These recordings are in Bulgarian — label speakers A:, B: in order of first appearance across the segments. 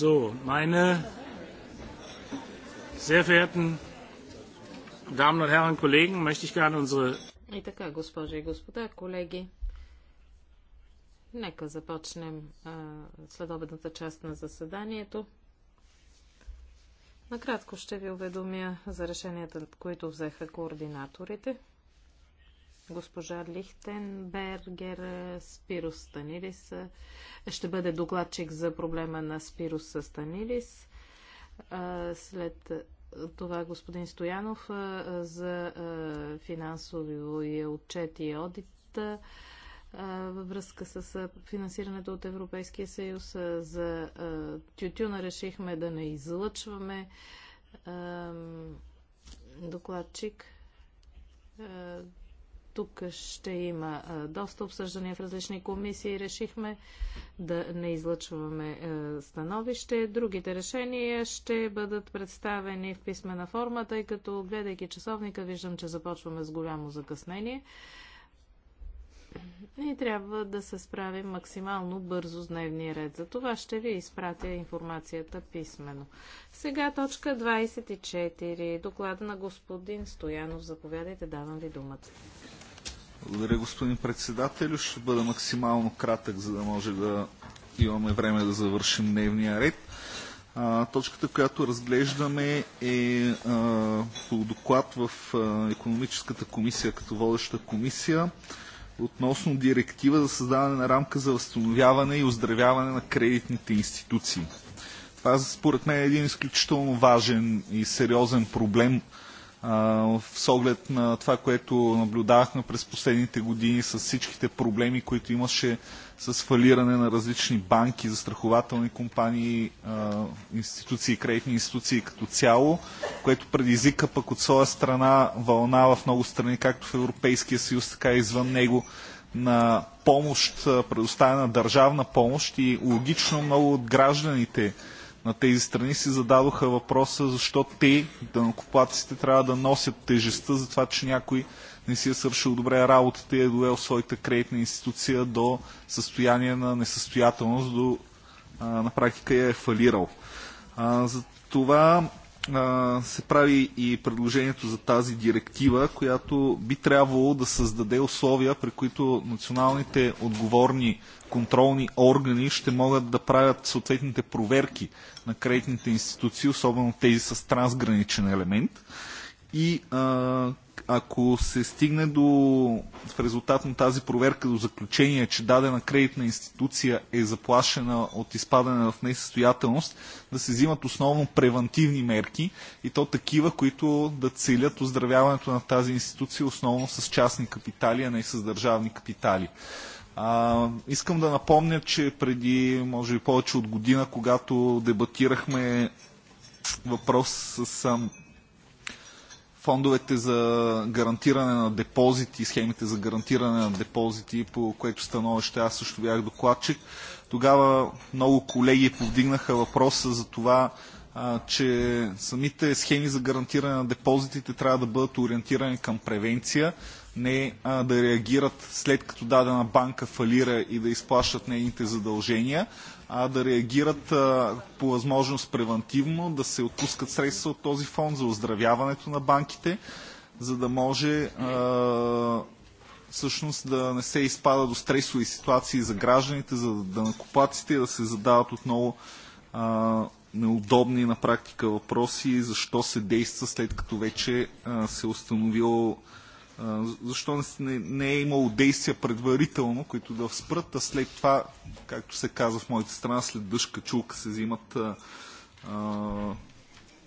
A: So, meine sehr verehrten
B: Damen und Herren Kollegen, möchte ich gerne unsere.
C: И така, госпожи и господа, колеги, нека започнем следобедната част на заседанието. Накратко ще ви уведомя за решенията, които взеха координаторите. Госпожа Лихтенбергер е, Спирус Станилис е, ще бъде докладчик за проблема на Спирус Станилис. Е, след това господин Стоянов за финансови отчет и одит във връзка с финансирането от Европейския съюз. За тютюна решихме да не излъчваме докладчик. Тук ще има доста обсъждания в различни комисии. Решихме да не излъчваме становище. Другите решения ще бъдат представени в писмена форма, тъй като гледайки часовника виждам, че започваме с голямо закъснение. И трябва да се справим максимално бързо с дневния ред. За това ще ви изпратя информацията писменно. Сега точка 24. Доклада на господин Стоянов. Заповядайте, давам ви думата.
B: Благодаря, господин председател. Ще бъда максимално кратък, за да може да имаме време да завършим дневния ред. А, точката, която разглеждаме е а, по доклад в а, економическата комисия като водеща комисия относно директива за създаване на рамка за възстановяване и оздравяване на кредитните институции. Това според мен е един изключително важен и сериозен проблем, в оглед на това, което наблюдавахме през последните години с всичките проблеми, които имаше с фалиране на различни банки, застрахователни компании, институции, кредитни институции като цяло, което предизвика пък от своя страна вълна в много страни, както в Европейския съюз, така и извън него, на помощ, предоставена държавна помощ и логично много от гражданите на тези страни си зададоха въпроса защо те, данокоплатците, трябва да носят тежестта за това, че някой не си е свършил добре работата и е довел своята кредитна институция до състояние на несъстоятелност, до а, на практика я е фалирал. А, за това се прави и предложението за тази директива, която би трябвало да създаде условия, при които националните отговорни контролни органи ще могат да правят съответните проверки на кредитните институции, особено тези с трансграничен елемент и а, ако се стигне до, в резултат на тази проверка до заключение, че дадена кредитна институция е заплашена от изпадане в несъстоятелност, да се взимат основно превантивни мерки и то такива, които да целят оздравяването на тази институция основно с частни капитали, а не с държавни капитали. А, искам да напомня, че преди, може би повече от година, когато дебатирахме въпрос с фондовете за гарантиране на депозити, схемите за гарантиране на депозити, по което становище аз също бях докладчик. Тогава много колеги повдигнаха въпроса за това, че самите схеми за гарантиране на депозитите трябва да бъдат ориентирани към превенция, не да реагират след като дадена банка фалира и да изплащат нейните задължения, а, да реагират а, по възможност превентивно, да се отпускат средства от този фонд за оздравяването на банките, за да може а, всъщност да не се изпада до стресови ситуации за гражданите, за да накопаците да се задават отново а, неудобни на практика въпроси, защо се действа след като вече а, се е установило защо не, не е имало действия предварително, които да спрат, а след това, както се казва в моята страна, след дъжка чулка се взимат, а,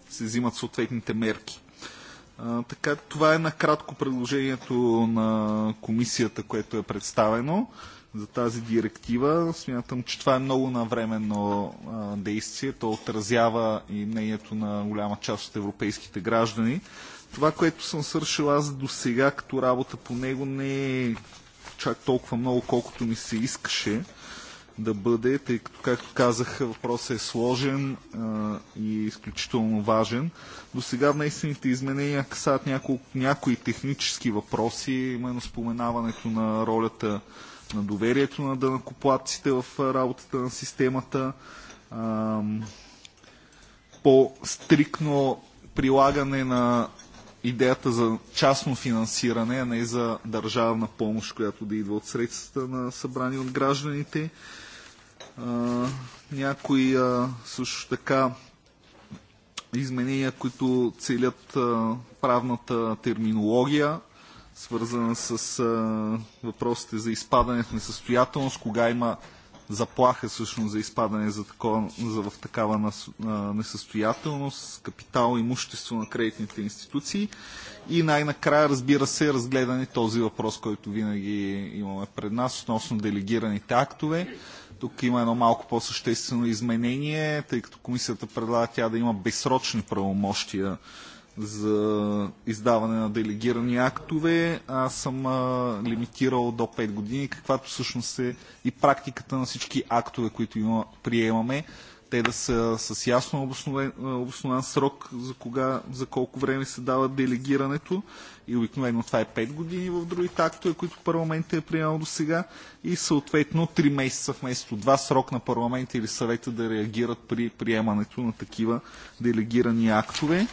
B: се взимат съответните мерки. А, така, това е накратко предложението на комисията, което е представено за тази директива. Смятам, че това е много навременно а, действие. То отразява и мнението на голяма част от европейските граждани това, което съм свършил аз до сега като работа по него не е чак толкова много, колкото ми се искаше да бъде, тъй като, както казах, въпросът е сложен а, и е изключително важен. До сега внесените изменения касават няколко, някои технически въпроси, именно споменаването на ролята на доверието на дънакоплатците в работата на системата, по-стрикно прилагане на идеята за частно финансиране, а не за държавна помощ, която да идва от средствата на събрани от гражданите. А, някои а, също така изменения, които целят а, правната терминология, свързана с а, въпросите за изпадане в несъстоятелност, кога има заплаха всъщност за изпадане за такова, за, в такава нас, а, несъстоятелност, капитал, имущество на кредитните институции. И най-накрая, разбира се, разгледане този въпрос, който винаги имаме пред нас, относно делегираните актове. Тук има едно малко по-съществено изменение, тъй като комисията предлага тя да има безсрочни правомощия за издаване на делегирани актове. Аз съм а, лимитирал до 5 години, каквато всъщност е и практиката на всички актове, които има, приемаме. Те да са с ясно обоснован, обоснован срок за, кога, за колко време се дава делегирането. И обикновено това е 5 години в другите актове, които парламентът е приемал до сега. И съответно 3 месеца вместо 2 срок на парламента или съвета да реагират при приемането на такива делегирани актове.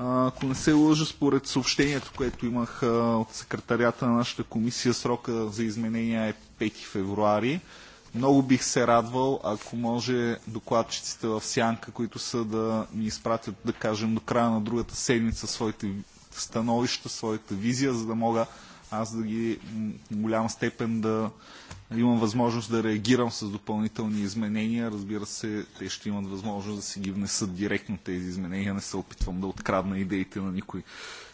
B: Ако не се лъжа според съобщението, което имах от секретарията на нашата комисия, срока за изменения е 5 февруари. Много бих се радвал, ако може докладчиците в Сянка, които са да ни изпратят, да кажем, до края на другата седмица своите становища, своята визия, за да мога аз да ги в голяма степен да имам възможност да реагирам с допълнителни изменения. Разбира се, те ще имат възможност да си ги внесат директно тези изменения. Не се опитвам да открадна идеите на никой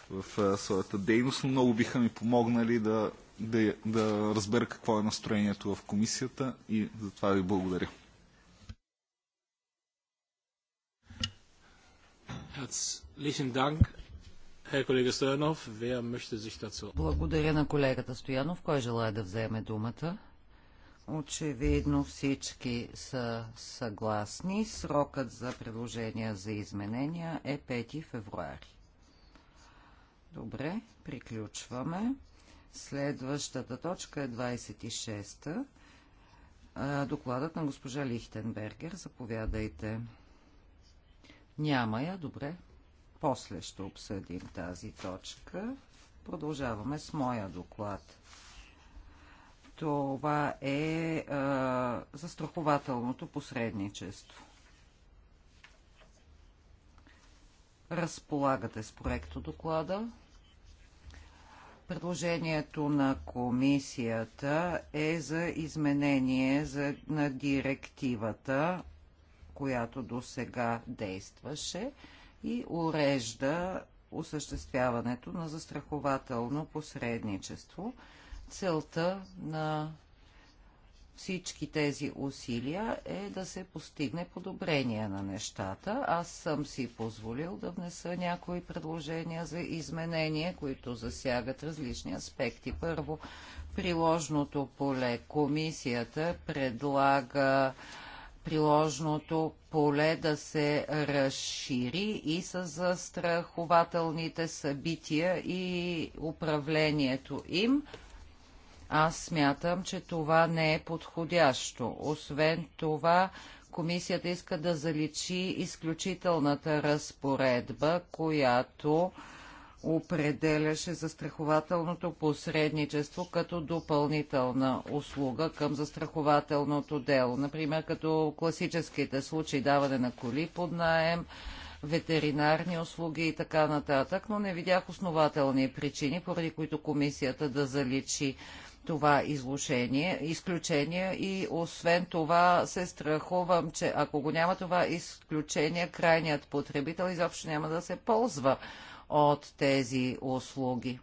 B: в своята дейност, но много биха ми помогнали да, да, да разбера какво е настроението в комисията и за това ви благодаря. Herzlichen Dank, Herr Kollege Stojanov. Wer möchte sich dazu?
A: Благодаря на колегата Стоянов. Кой желая да вземе думата? Очевидно всички са съгласни. Срокът за предложения за изменения е 5 февруари. Добре, приключваме. Следващата точка е 26-та. Докладът на госпожа Лихтенбергер. Заповядайте. Няма я, добре. После ще обсъдим тази точка. Продължаваме с моя доклад. Това е а, е, застрахователното посредничество. Разполагате с проекто доклада. Предложението на комисията е за изменение за, на директивата, която до сега действаше и урежда осъществяването на застрахователно посредничество – Целта на всички тези усилия е да се постигне подобрение на нещата. Аз съм си позволил да внеса някои предложения за изменения, които засягат различни аспекти. Първо, приложното поле. Комисията предлага приложното поле да се разшири и с застрахователните събития и управлението им – аз смятам, че това не е подходящо. Освен това, комисията иска да заличи изключителната разпоредба, която определяше застрахователното посредничество като допълнителна услуга към застрахователното дело. Например, като класическите случаи даване на коли под наем, ветеринарни услуги и така нататък, но не видях основателни причини, поради които комисията да заличи това изложение, изключение и освен това се страхувам, че ако го няма това изключение, крайният потребител изобщо няма да се ползва от тези услуги.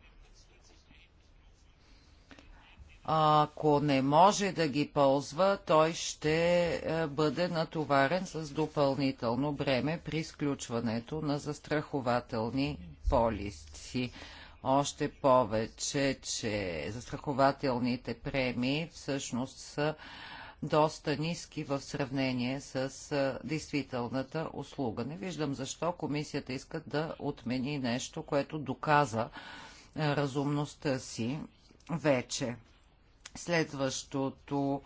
A: Ако не може да ги ползва, той ще е, бъде натоварен с допълнително бреме при сключването на застрахователни полиси. Още повече, че застрахователните премии всъщност са доста ниски в сравнение с действителната услуга. Не виждам защо комисията иска да отмени нещо, което доказа разумността си вече. Следващото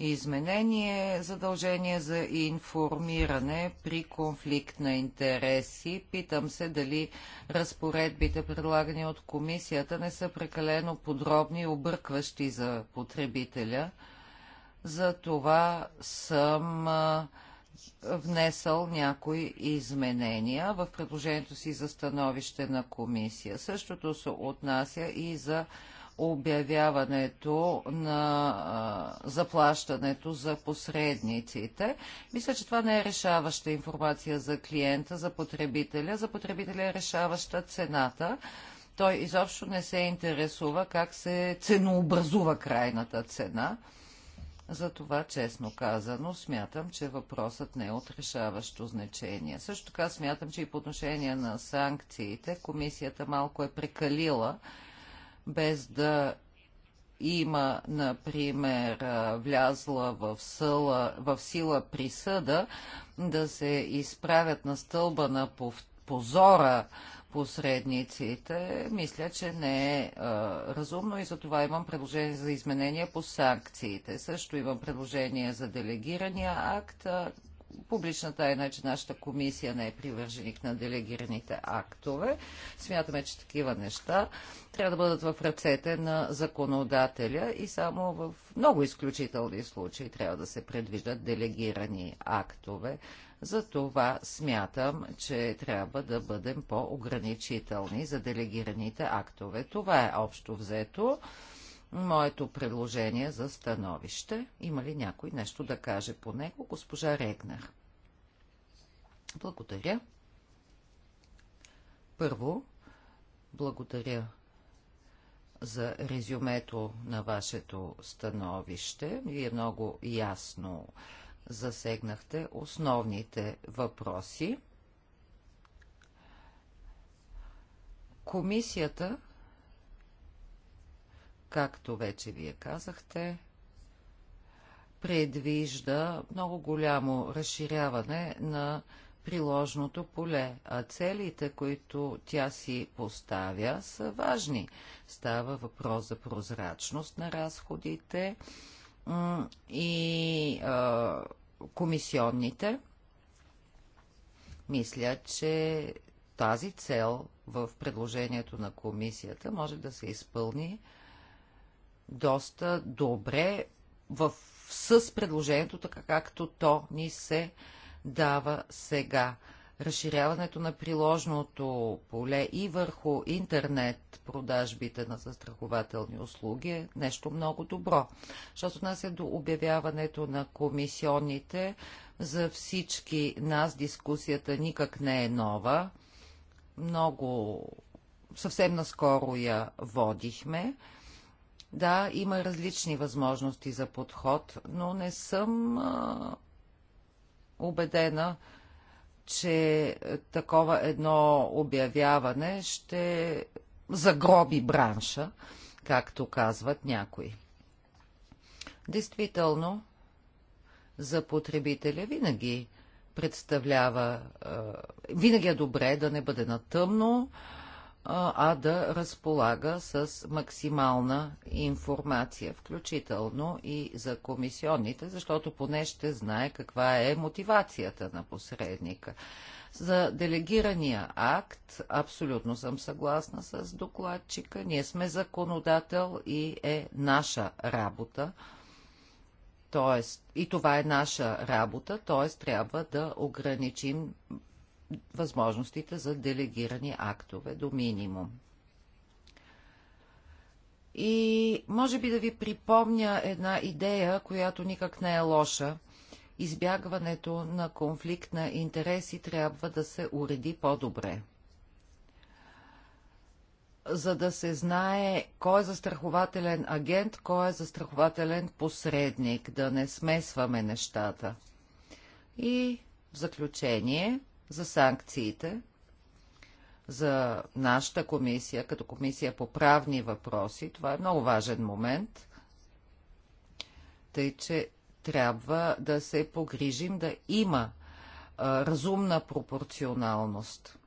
A: изменение задължение за информиране при конфликт на интереси. Питам се дали разпоредбите, предлагани от комисията, не са прекалено подробни и объркващи за потребителя. За това съм внесъл някои изменения в предложението си за становище на комисия. Същото се отнася и за обявяването на а, заплащането за посредниците. Мисля, че това не е решаваща информация за клиента, за потребителя. За потребителя е решаваща цената. Той изобщо не се интересува как се ценообразува крайната цена. Затова, честно казано, смятам, че въпросът не е от решаващо значение. Също така смятам, че и по отношение на санкциите комисията малко е прекалила, без да има, например, влязла в, съла, в сила присъда, да се изправят на стълба на позора посредниците, мисля, че не е а, разумно и затова имам предложение за изменение по санкциите. Също имам предложение за делегирания акт публична тайна, е, значи, че нашата комисия не е привърженик на делегираните актове. Смятаме, че такива неща трябва да бъдат в ръцете на законодателя и само в много изключителни случаи трябва да се предвиждат делегирани актове. Затова смятам, че трябва да бъдем по-ограничителни за делегираните актове. Това е общо взето моето предложение за становище. Има ли някой нещо да каже по него? Госпожа Регнер. Благодаря. Първо, благодаря за резюмето на вашето становище. Вие много ясно засегнахте основните въпроси. Комисията както вече вие казахте, предвижда много голямо разширяване на приложното поле, а целите, които тя си поставя, са важни. Става въпрос за прозрачност на разходите и а, комисионните. Мисля, че тази цел в предложението на комисията може да се изпълни доста добре в, с предложението, така както то ни се дава сега. Разширяването на приложното поле и върху интернет продажбите на застрахователни услуги е нещо много добро. Що се отнася до обявяването на комисионните, за всички нас дискусията никак не е нова. Много съвсем наскоро я водихме. Да, има различни възможности за подход, но не съм а, убедена, че такова едно обявяване ще загроби бранша, както казват някои. Действително, за потребителя винаги представлява, а, винаги е добре да не бъде натъмно. тъмно, а, а да разполага с максимална информация, включително и за комисионните, защото поне ще знае каква е мотивацията на посредника. За делегирания акт абсолютно съм съгласна с докладчика. Ние сме законодател и е наша работа. Тоест, и това е наша работа, т.е. трябва да ограничим възможностите за делегирани актове до минимум. И може би да ви припомня една идея, която никак не е лоша. Избягването на конфликт на интереси трябва да се уреди по-добре. За да се знае кой е застрахователен агент, кой е застрахователен посредник, да не смесваме нещата. И в заключение, за санкциите, за нашата комисия, като комисия по правни въпроси. Това е много важен момент, тъй че трябва да се погрижим да има а, разумна пропорционалност.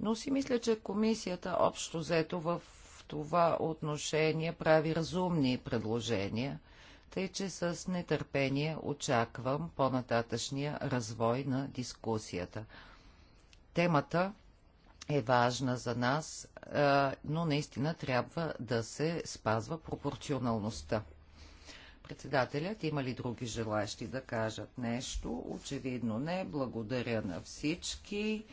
A: Но си мисля, че комисията общо взето в това отношение прави разумни предложения тъй че с нетърпение очаквам по-нататъчния развой на дискусията. Темата е важна за нас, но наистина трябва да се спазва пропорционалността. Председателят, има ли други желащи да кажат нещо? Очевидно не. Благодаря на всички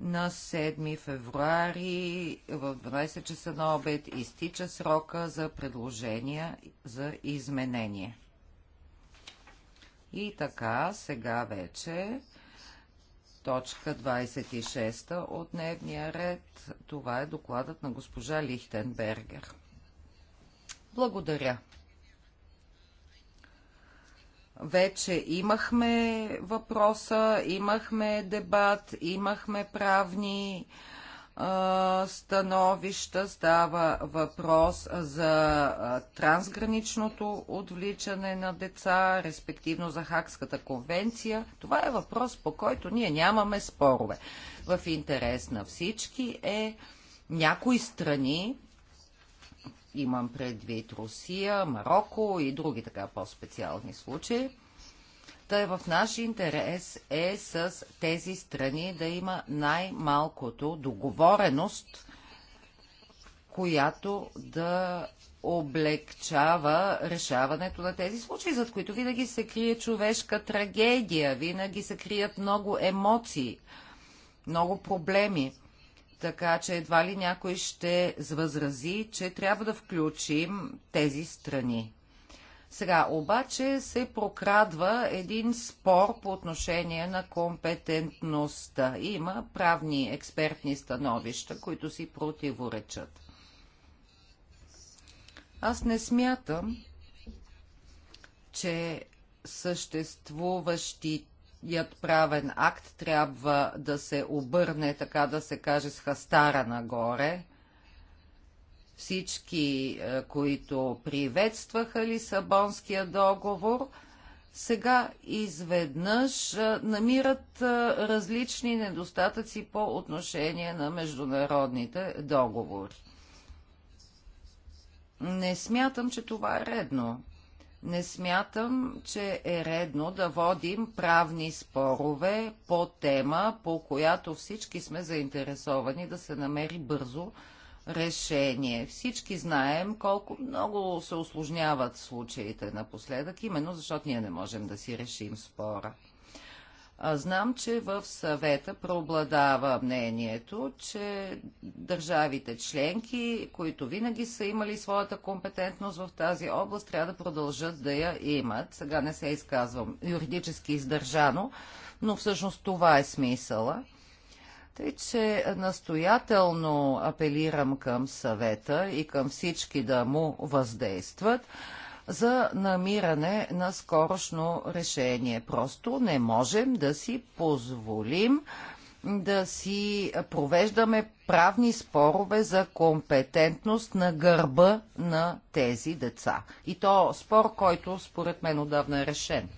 A: на 7 февруари в 12 часа на обед изтича срока за предложения за изменение. И така, сега вече точка 26 от дневния ред. Това е докладът на госпожа Лихтенбергер. Благодаря. Вече имахме въпроса, имахме дебат, имахме правни становища. Става въпрос за трансграничното отвличане на деца, респективно за Хакската конвенция. Това е въпрос, по който ние нямаме спорове. В интерес на всички е някои страни Имам предвид Русия, Марокко и други така по-специални случаи. Тъй е в наш интерес е с тези страни да има най-малкото договореност, която да облегчава решаването на тези случаи, зад които винаги се крие човешка трагедия, винаги се крият много емоции, много проблеми. Така че едва ли някой ще възрази, че трябва да включим тези страни. Сега обаче се прокрадва един спор по отношение на компетентността. Има правни експертни становища, които си противоречат. Аз не смятам, че съществуващите Първият правен акт трябва да се обърне, така да се каже, с хастара нагоре. Всички, е, които приветстваха Лисабонския договор, сега изведнъж е, намират е, различни недостатъци по отношение на международните договори. Не смятам, че това е редно. Не смятам, че е редно да водим правни спорове по тема, по която всички сме заинтересовани да се намери бързо решение. Всички знаем колко много се осложняват случаите напоследък, именно защото ние не можем да си решим спора. А, знам, че в съвета преобладава мнението, че държавите членки, които винаги са имали своята компетентност в тази област, трябва да продължат да я имат. Сега не се изказвам юридически издържано, но всъщност това е смисъла. Тъй, че настоятелно апелирам към съвета и към всички да му въздействат за намиране на скорошно решение. Просто не можем да си позволим да си провеждаме правни спорове за компетентност на гърба на тези деца. И то спор, който според мен отдавна е решен.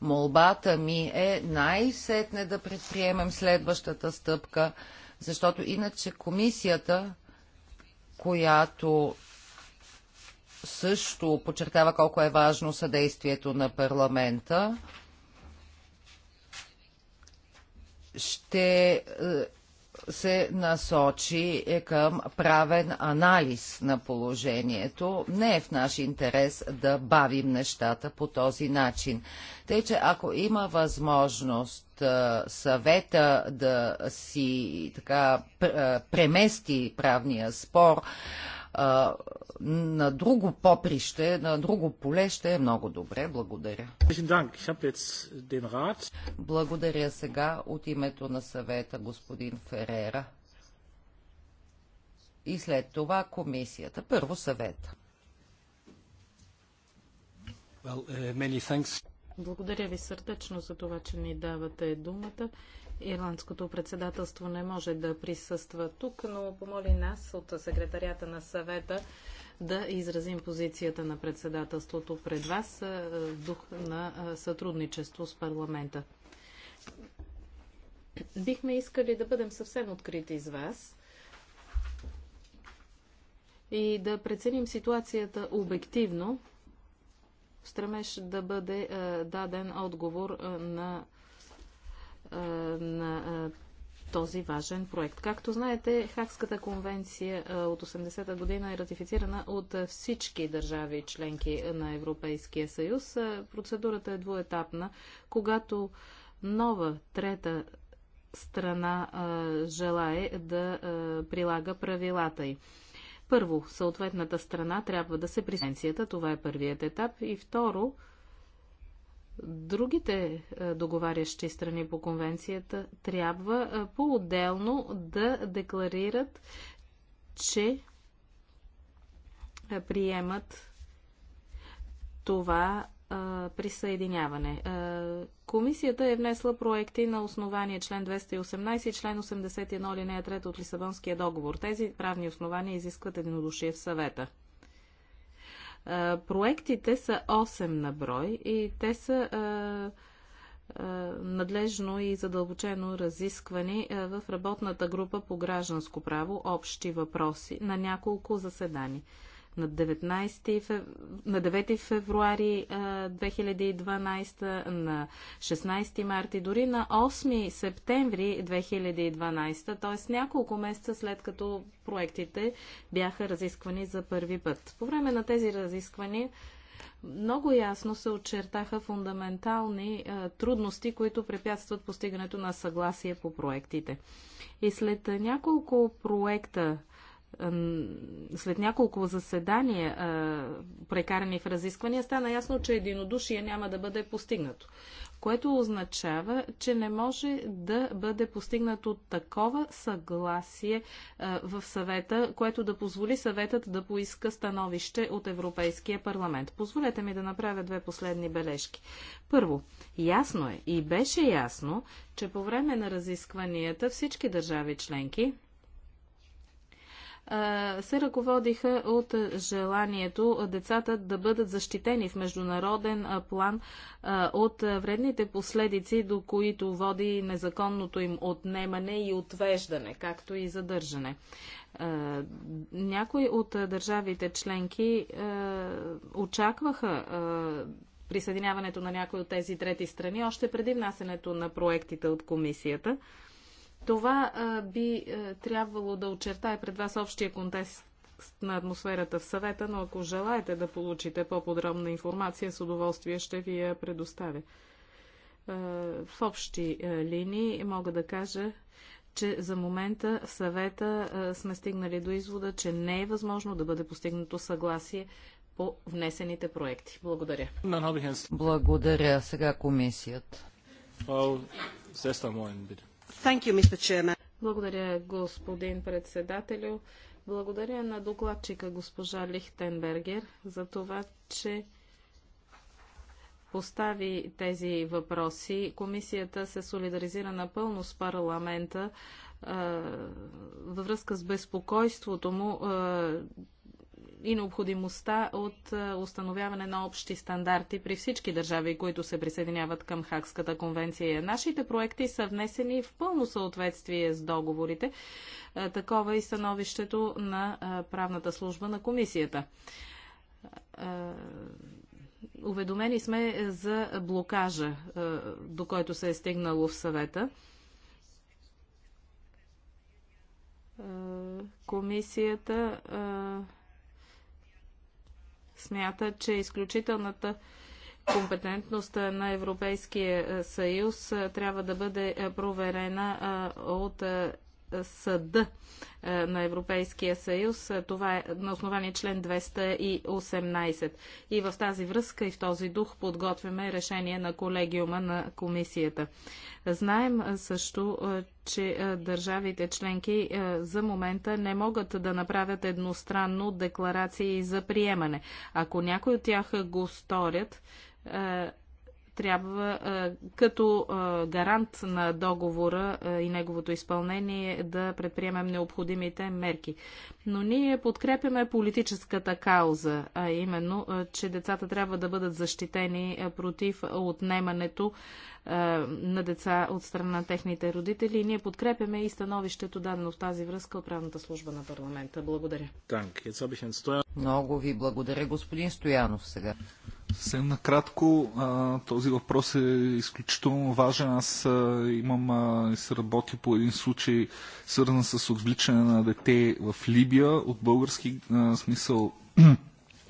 A: Молбата ми е най-сетне да предприемем следващата стъпка, защото иначе комисията, която също подчертава колко е важно съдействието на парламента. Ще е, се насочи е, към правен анализ на положението. Не е в наш интерес да бавим нещата по този начин. Тъй, че ако има възможност е, съвета да си така премести правния спор, а, на друго поприще, на друго поле ще е много добре. Благодаря. Благодаря сега от името на съвета господин Ферера. И след това комисията. Първо съвета.
C: Well, uh, Благодаря ви сърдечно за това, че ни давате думата. Ирландското председателство не може да присъства тук, но помоли нас от секретарията на съвета да изразим позицията на председателството пред вас в дух на сътрудничество с парламента. Бихме искали да бъдем съвсем открити с вас и да преценим ситуацията обективно, стремеш да бъде даден отговор на на този важен проект. Както знаете, Хакската конвенция от 80-та година е ратифицирана от всички държави членки на Европейския съюз. Процедурата е двуетапна. Когато нова трета страна желае да прилага правилата й. Първо, съответната страна трябва да се присенцията, това е първият етап, и второ, Другите е, договарящи страни по конвенцията трябва е, по-отделно да декларират, че е, приемат това присъединяване. Комисията е внесла проекти на основание член 218 и член 81 линия 3 от Лисабонския договор. Тези правни основания изискват единодушие в съвета. Проектите са 8 на брой и те са надлежно и задълбочено разисквани в работната група по гражданско право общи въпроси на няколко заседания на, 19 фев... на 9 февруари 2012, на 16 марти, дори на 8 септември 2012, т.е. няколко месеца след като проектите бяха разисквани за първи път. По време на тези разисквания много ясно се очертаха фундаментални а, трудности, които препятстват постигането на съгласие по проектите. И след няколко проекта след няколко заседания, прекарани в разисквания, стана ясно, че единодушие няма да бъде постигнато. Което означава, че не може да бъде постигнато такова съгласие в съвета, което да позволи съветът да поиска становище от Европейския парламент. Позволете ми да направя две последни бележки. Първо, ясно е и беше ясно, че по време на разискванията всички държави членки, се ръководиха от желанието децата да бъдат защитени в международен план от вредните последици, до които води незаконното им отнемане и отвеждане, както и задържане. Някои от държавите членки очакваха присъединяването на някои от тези трети страни още преди внасенето на проектите от комисията. Това а, би а, трябвало да очертае пред вас общия контекст на атмосферата в съвета, но ако желаете да получите по-подробна информация, с удоволствие ще ви я предоставя. А, в общи линии мога да кажа, че за момента в съвета сме стигнали до извода, че не е възможно да бъде постигнато съгласие по внесените проекти. Благодаря.
A: Благодаря. Сега комисията.
B: Сестра
C: благодаря, господин председателю. Благодаря на докладчика госпожа Лихтенбергер за това, че постави тези въпроси. Комисията се солидаризира напълно с парламента във връзка с безпокойството му, и необходимостта от е, установяване на общи стандарти при всички държави, които се присъединяват към Хакската конвенция. Нашите проекти са внесени в пълно съответствие с договорите. Е, такова и становището на е, правната служба на комисията. Уведомени сме за блокажа, до който се е стигнало в съвета. Комисията смята, че изключителната компетентност на Европейския съюз трябва да бъде проверена от съда е, на Европейския съюз. Е, това е на основание член 218. И в тази връзка и в този дух подготвяме решение на колегиума на комисията. Знаем е, също, че държавите членки за момента не могат да направят едностранно декларации за приемане. Ако някои от тях го сторят, трябва като гарант на договора и неговото изпълнение да предприемем необходимите мерки. Но ние подкрепяме политическата кауза, а именно, че децата трябва да бъдат защитени против отнемането на деца от страна на техните родители. И ние подкрепяме и становището дадено в тази връзка от правната служба на парламента. Благодаря.
B: Много ви благодаря, господин Стоянов, сега. Съвсем накратко, а, този въпрос е изключително важен. Аз а, имам а, и се работи по един случай, свързан с отвличане на дете в Либия, от български а, смисъл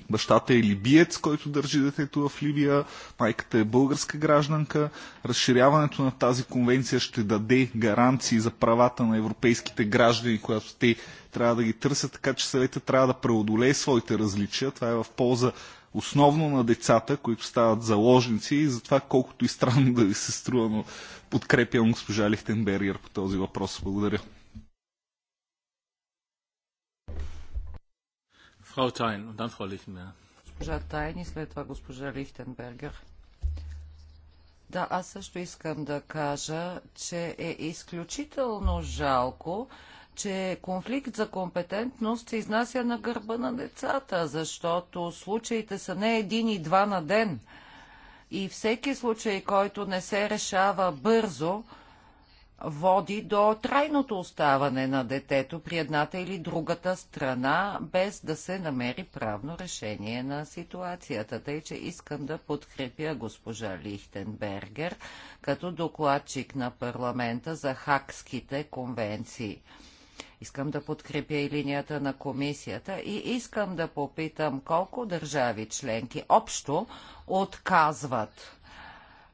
B: Бащата е либиец, който държи детето в Ливия, майката е българска гражданка. Разширяването на тази конвенция ще даде гаранции за правата на европейските граждани, която те трябва да ги търсят, така че съвета трябва да преодолее своите различия. Това е в полза основно на децата, които стават заложници и затова колкото и странно да ви се струва, но подкрепям госпожа Лихтенбергер по този въпрос. Благодаря. Фрау Тайн, und dann
A: Госпожа Тайн и след това госпожа Лихтенбергер. Да, аз също искам да кажа, че е изключително жалко, че конфликт за компетентност се изнася на гърба на децата, защото случаите са не един и два на ден. И всеки случай, който не се решава бързо, води до трайното оставане на детето при едната или другата страна, без да се намери правно решение на ситуацията. Тъй, че искам да подкрепя госпожа Лихтенбергер като докладчик на парламента за хакските конвенции. Искам да подкрепя и линията на комисията и искам да попитам колко държави членки общо отказват.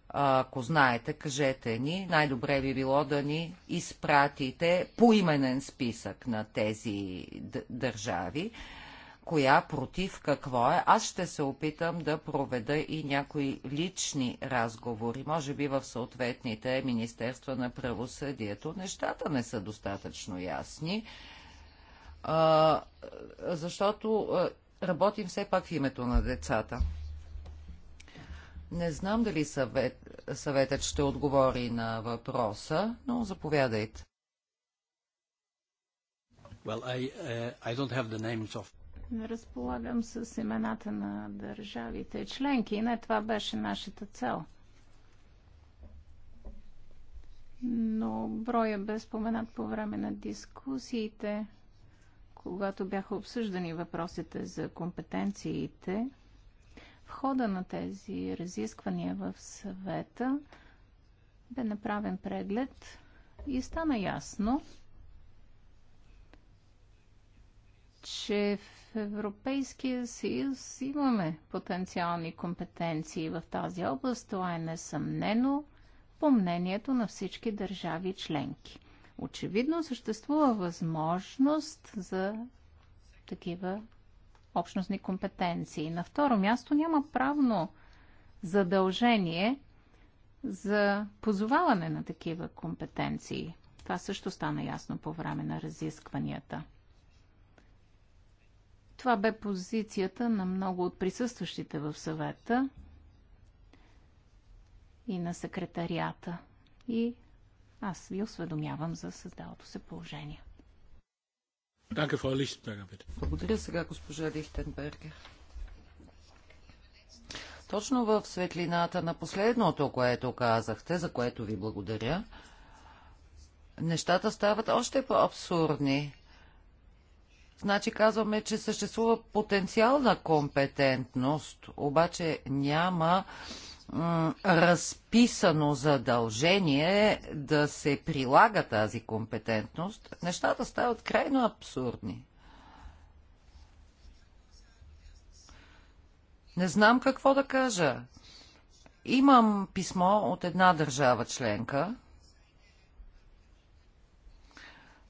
A: Ако знаете, кажете ни. Най-добре би било да ни изпратите поименен списък на тези държави коя против какво е, аз ще се опитам да проведа и някои лични разговори, може би в съответните Министерства на правосъдието. Нещата не са достатъчно ясни, а, защото работим все пак в името на децата. Не знам дали съвет, съветът ще отговори на въпроса, но заповядайте.
D: Well, I, uh, I don't have the names of не разполагам с имената на държавите членки и не това беше нашата цел. Но броя бе споменат по време на дискусиите, когато бяха обсъждани въпросите за компетенциите. В хода на тези разисквания в съвета бе направен преглед и стана ясно, че Европейския съюз имаме потенциални компетенции в тази област. Това е несъмнено по мнението на всички държави членки. Очевидно съществува възможност за такива общностни компетенции. На второ място няма правно задължение за позоваване на такива компетенции. Това също стана ясно по време на разискванията. Това бе позицията на много от присъстващите в съвета и на секретарията. И аз ви осведомявам за създалото се положение. Благодаря сега, госпожа
A: Лихтенбергер. Точно в светлината на последното, което казахте, за което ви благодаря, нещата стават още по-абсурдни. Значи казваме, че съществува потенциална компетентност, обаче няма разписано задължение да се прилага тази компетентност, нещата стават крайно абсурдни. Не знам какво да кажа. Имам писмо от една държава членка,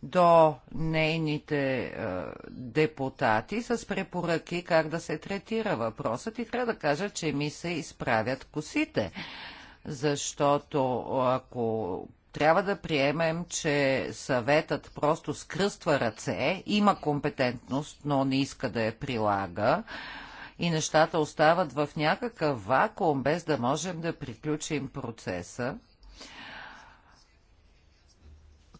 A: до нейните е, депутати с препоръки как да се третира въпросът и трябва да кажа, че ми се изправят косите, защото ако трябва да приемем, че съветът просто скръства ръце, има компетентност, но не иска да я прилага и нещата остават в някакъв вакуум, без да можем да приключим процеса,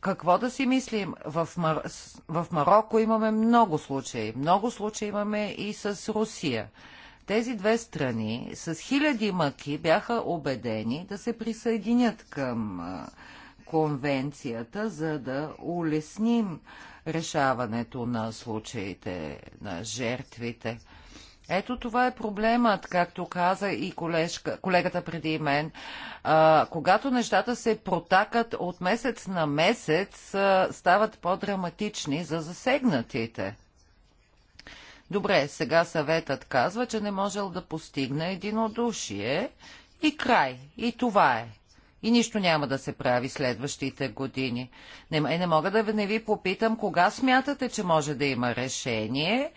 A: какво да си мислим? В, Мар... в Марокко имаме много случаи. Много случаи имаме и с Русия. Тези две страни с хиляди мъки бяха убедени да се присъединят към конвенцията, за да улесним решаването на случаите на жертвите. Ето това е проблемът, както каза и колежка, колегата преди мен. А, когато нещата се протакат от месец на месец, а, стават по-драматични за засегнатите. Добре, сега съветът казва, че не можел да постигне единодушие и край. И това е. И нищо няма да се прави следващите години. Не, е, не мога да не ви попитам кога смятате, че може да има решение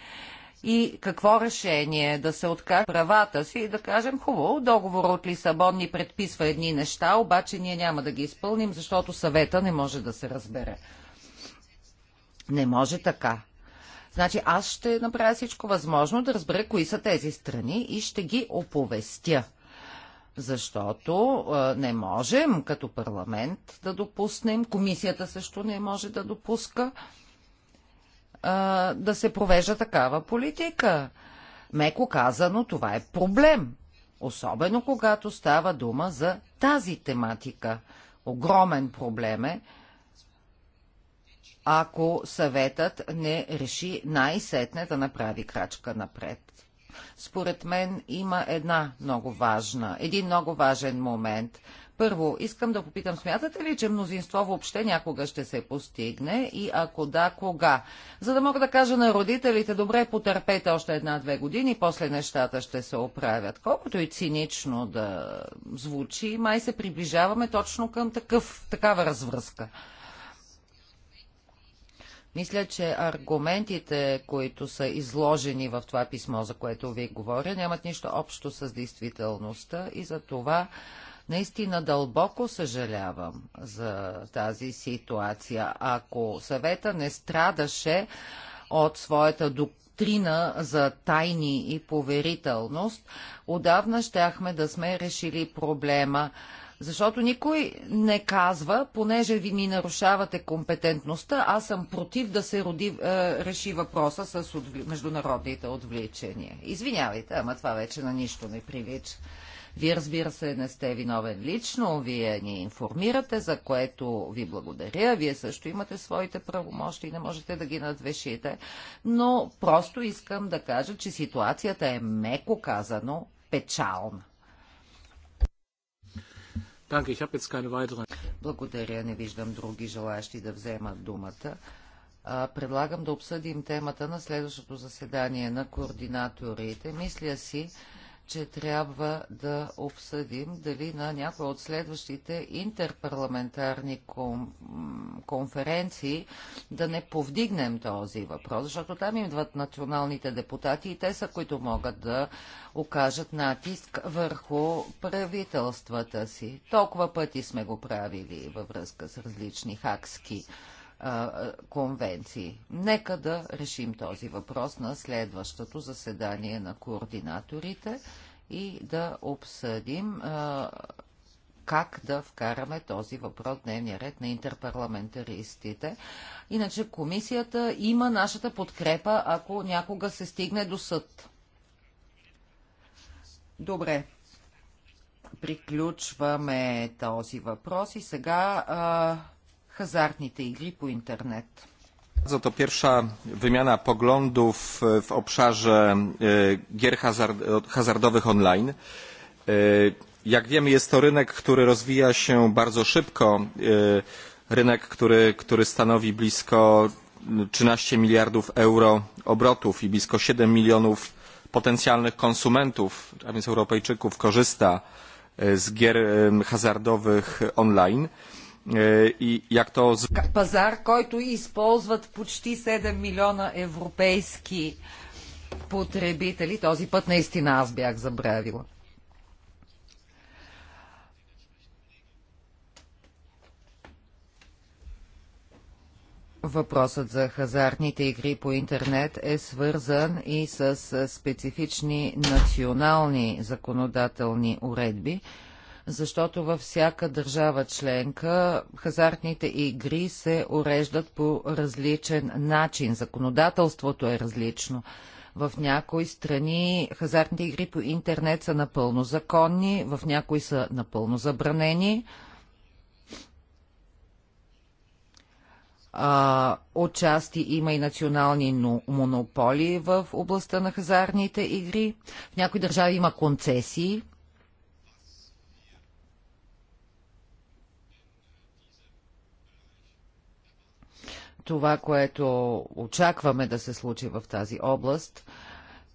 A: и какво решение да се откажат правата си и да кажем хубаво, договор от Лисабон ни предписва едни неща, обаче ние няма да ги изпълним, защото съвета не може да се разбере. Не може така. Значи аз ще направя всичко възможно да разбера кои са тези страни и ще ги оповестя. Защото е, не можем като парламент да допуснем, комисията също не може да допуска а, да се провежда такава политика. Меко казано, това е проблем. Особено когато става дума за тази тематика. Огромен проблем е, ако съветът не реши най-сетне да направи крачка напред. Според мен има една много важна, един много важен момент. Първо, искам да попитам, смятате ли, че мнозинство въобще някога ще се постигне и ако да, кога? За да мога да кажа на родителите, добре, потърпете още една-две години, после нещата ще се оправят. Колкото и цинично да звучи, май се приближаваме точно към такъв, такава развръзка. Мисля, че аргументите, които са изложени в това писмо, за което ви говоря, нямат нищо общо с действителността и за това Наистина дълбоко съжалявам за тази ситуация. Ако съвета не страдаше от своята доктрина за тайни и поверителност, отдавна щяхме да сме решили проблема. Защото никой не казва, понеже ви ми нарушавате компетентността, аз съм против да се роди, е, реши въпроса с отвли... международните отвличания. Извинявайте, ама това вече на нищо не прилича. Вие, разбира се, не сте виновен лично, вие ни информирате, за което ви благодаря. Вие също имате своите правомощи и не можете да ги надвешите. Но просто искам да кажа, че ситуацията е меко казано печална. Благодаря, не виждам други желащи да вземат думата. Предлагам да обсъдим темата на следващото заседание на координаторите. Мисля си, че трябва да обсъдим дали на някои от следващите интерпарламентарни ком, конференции да не повдигнем този въпрос, защото там идват националните депутати и те са, които могат да окажат натиск върху правителствата си. Толкова пъти сме го правили във връзка с различни хакски а, конвенции. Нека да решим този въпрос на следващото заседание на координаторите и да обсъдим а, как да вкараме този въпрос в дневния ред на интерпарламентаристите. Иначе комисията има нашата подкрепа, ако някога се стигне до съд. Добре. Приключваме този въпрос и сега а, хазартните игри по интернет.
B: To pierwsza wymiana poglądów w obszarze gier hazardowych online. Jak wiemy, jest to rynek, który rozwija się bardzo szybko, rynek, który, stanowi blisko 13 miliardów euro obrotów i blisko 7 milionów potencjalnych konsumentów, a więc Europejczyków, korzysta z gier hazardowych online. Yy, е, и як то...
A: Пазар, който използват почти 7 милиона европейски потребители. Този път наистина аз бях забравила. Въпросът за хазартните игри по интернет е свързан и с специфични национални законодателни уредби – защото във всяка държава членка хазартните игри се уреждат по различен начин. Законодателството е различно. В някои страни хазартните игри по интернет са напълно законни, в някои са напълно забранени. а, отчасти има и национални монополи в областта на хазарните игри. В някои държави има концесии Това, което очакваме да се случи в тази област,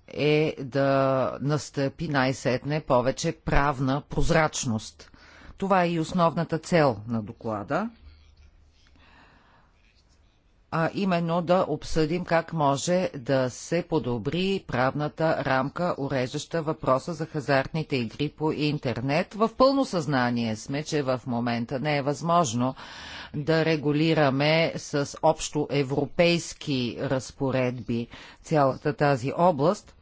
A: е да настъпи най-сетне повече правна прозрачност. Това е и основната цел на доклада а именно да обсъдим как може да се подобри правната рамка, уреждаща въпроса за хазартните игри по интернет. В пълно съзнание сме, че в момента не е възможно да регулираме с общо европейски разпоредби цялата тази област,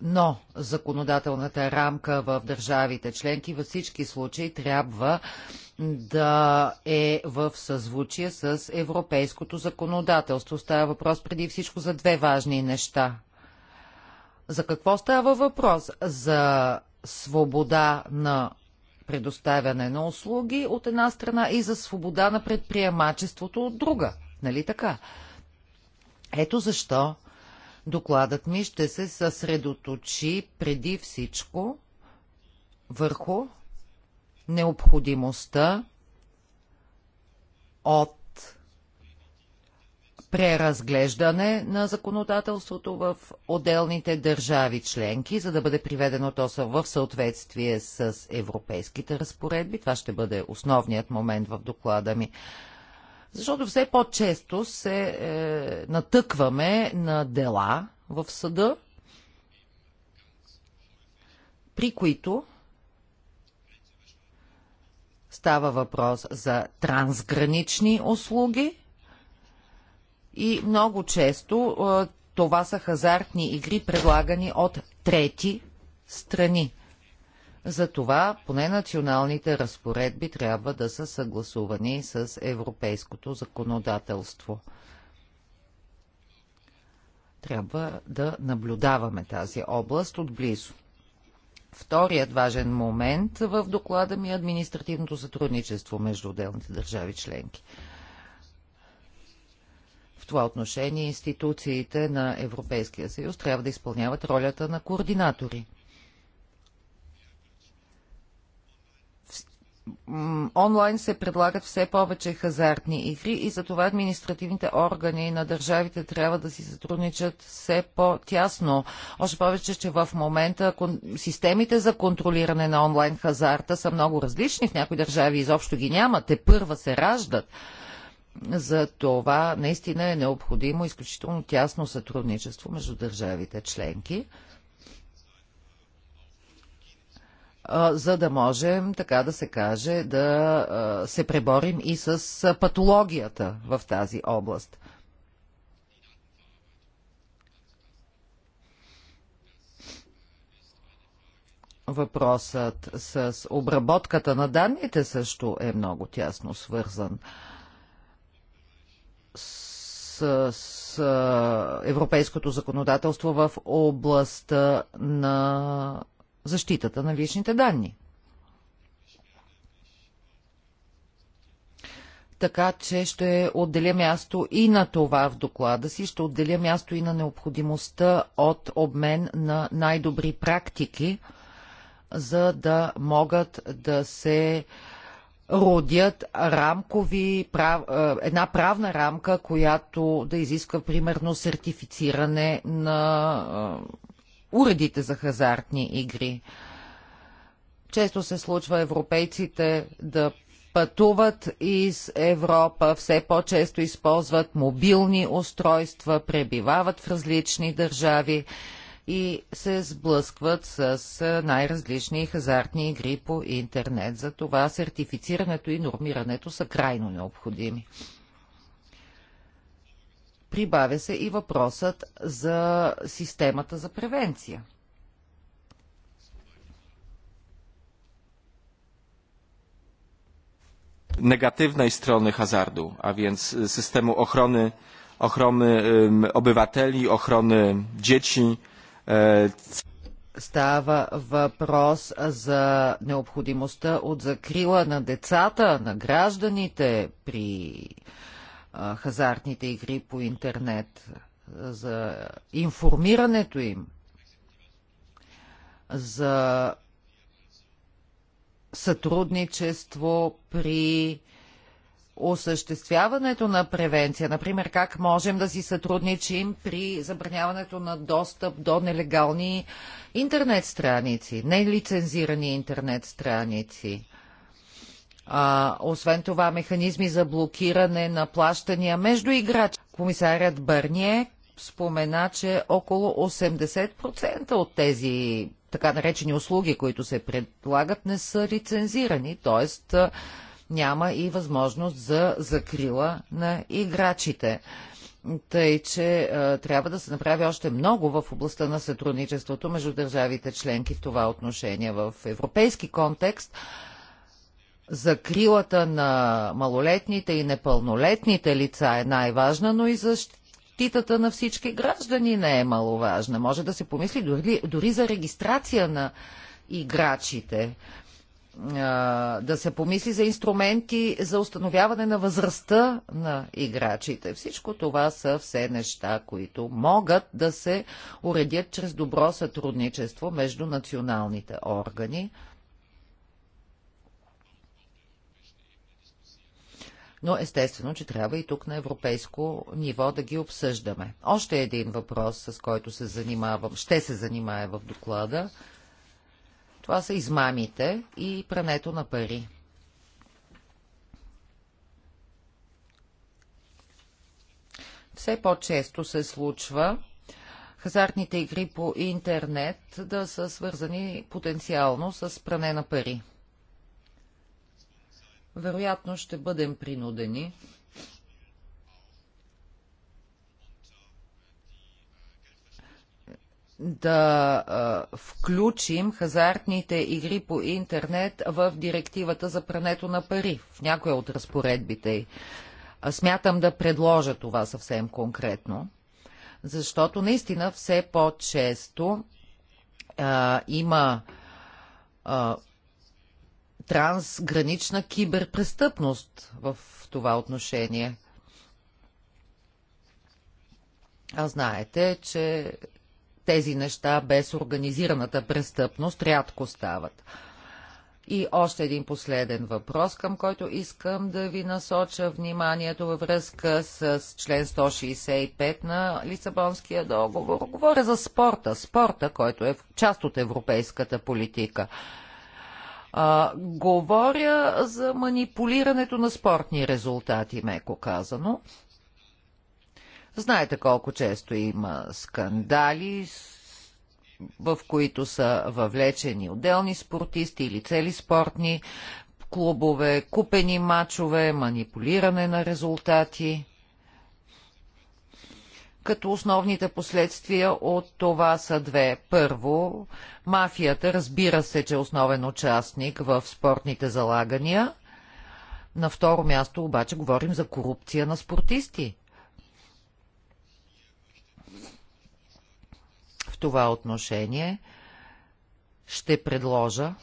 A: но законодателната рамка в държавите членки във всички случаи трябва да е в съзвучие с европейското законодателство. Става въпрос преди всичко за две важни неща. За какво става въпрос? За свобода на предоставяне на услуги от една страна и за свобода на предприемачеството от друга. Нали така? Ето защо Докладът ми ще се съсредоточи преди всичко върху необходимостта от преразглеждане на законодателството в отделните държави членки, за да бъде приведено то в съответствие с европейските разпоредби. Това ще бъде основният момент в доклада ми. Защото все по-често се е, натъкваме на дела в съда, при които става въпрос за трансгранични услуги и много често е, това са хазартни игри, предлагани от трети страни. Затова поне националните разпоредби трябва да са съгласувани с европейското законодателство. Трябва да наблюдаваме тази област отблизо. Вторият важен момент в доклада ми е административното сътрудничество между отделните държави членки. В това отношение институциите на Европейския съюз трябва да изпълняват ролята на координатори. онлайн се предлагат все повече хазартни игри и затова административните органи на държавите трябва да си сътрудничат все по-тясно. Още повече, че в момента системите за контролиране на онлайн хазарта са много различни. В някои държави изобщо ги няма. Те първа се раждат. За това наистина е необходимо изключително тясно сътрудничество между държавите членки. за да можем, така да се каже, да се преборим и с патологията в тази област. Въпросът с обработката на данните също е много тясно свързан с, с европейското законодателство в областта на защитата на личните данни. Така че ще отделя място и на това в доклада си, ще отделя място и на необходимостта от обмен на най-добри практики, за да могат да се родят рамкови, прав, е, една правна рамка, която да изисква примерно сертифициране на е, уредите за хазартни игри. Често се случва европейците да пътуват из Европа, все по-често използват мобилни устройства, пребивават в различни държави и се сблъскват с най-различни хазартни игри по интернет. За това сертифицирането и нормирането са крайно необходими. Прибавя се и въпросът за системата за превенция.
B: negatywnej strony hazardu, a więc e, systemu ochrony, ochrony um, obywateli, ochrony dzieci. E...
A: Става въпрос за необходимостта от закрила на децата, на гражданите при хазартните игри по интернет, за информирането им, за сътрудничество при осъществяването на превенция, например как можем да си сътрудничим при забраняването на достъп до нелегални интернет страници, нелицензирани интернет страници. А, освен това, механизми за блокиране на плащания между играчи. Комисарят Бърние спомена, че около 80% от тези така наречени услуги, които се предлагат, не са лицензирани, т.е. няма и възможност за закрила на играчите. Тъй, че е, трябва да се направи още много в областта на сътрудничеството между държавите членки в това отношение. В европейски контекст закрилата на малолетните и непълнолетните лица е най-важна, но и защитата на всички граждани не е маловажна. Може да се помисли дори, дори за регистрация на играчите, да се помисли за инструменти за установяване на възрастта на играчите. Всичко това са все неща, които могат да се уредят чрез добро сътрудничество между националните органи, но естествено, че трябва и тук на европейско ниво да ги обсъждаме. Още един въпрос, с който се занимавам, ще се занимая в доклада. Това са измамите и прането на пари. Все по-често се случва хазартните игри по интернет да са свързани потенциално с пране на пари вероятно ще бъдем принудени да а, включим хазартните игри по интернет в директивата за прането на пари, в някоя от разпоредбите й. Смятам да предложа това съвсем конкретно, защото наистина все по-често има а, трансгранична киберпрестъпност в това отношение. А знаете, че тези неща без организираната престъпност рядко стават. И още един последен въпрос, към който искам да ви насоча вниманието във връзка с член 165 на Лисабонския договор. Говоря за спорта, спорта, който е част от европейската политика. А, говоря за манипулирането на спортни резултати, меко казано. Знаете колко често има скандали, в които са въвлечени отделни спортисти или цели спортни клубове, купени мачове, манипулиране на резултати като основните последствия от това са две. Първо, мафията разбира се, че е основен участник в спортните залагания. На второ място обаче говорим за корупция на спортисти. В това отношение ще предложа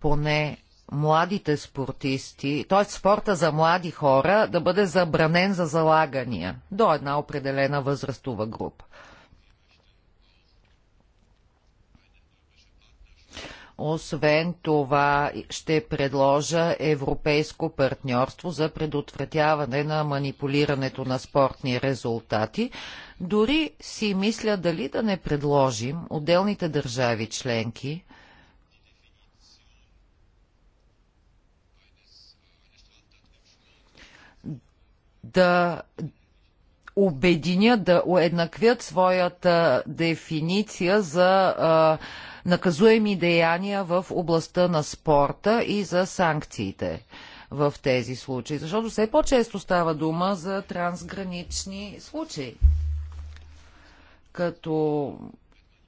A: поне младите спортисти, т.е. спорта за млади хора да бъде забранен за залагания до една определена възрастова група. Освен това ще предложа европейско партньорство за предотвратяване на манипулирането на спортни резултати. Дори си мисля дали да не предложим отделните държави членки да обединят да уеднаквят своята дефиниция за а, наказуеми деяния в областта на спорта и за санкциите в тези случаи. Защото все по-често става дума за трансгранични случаи. Като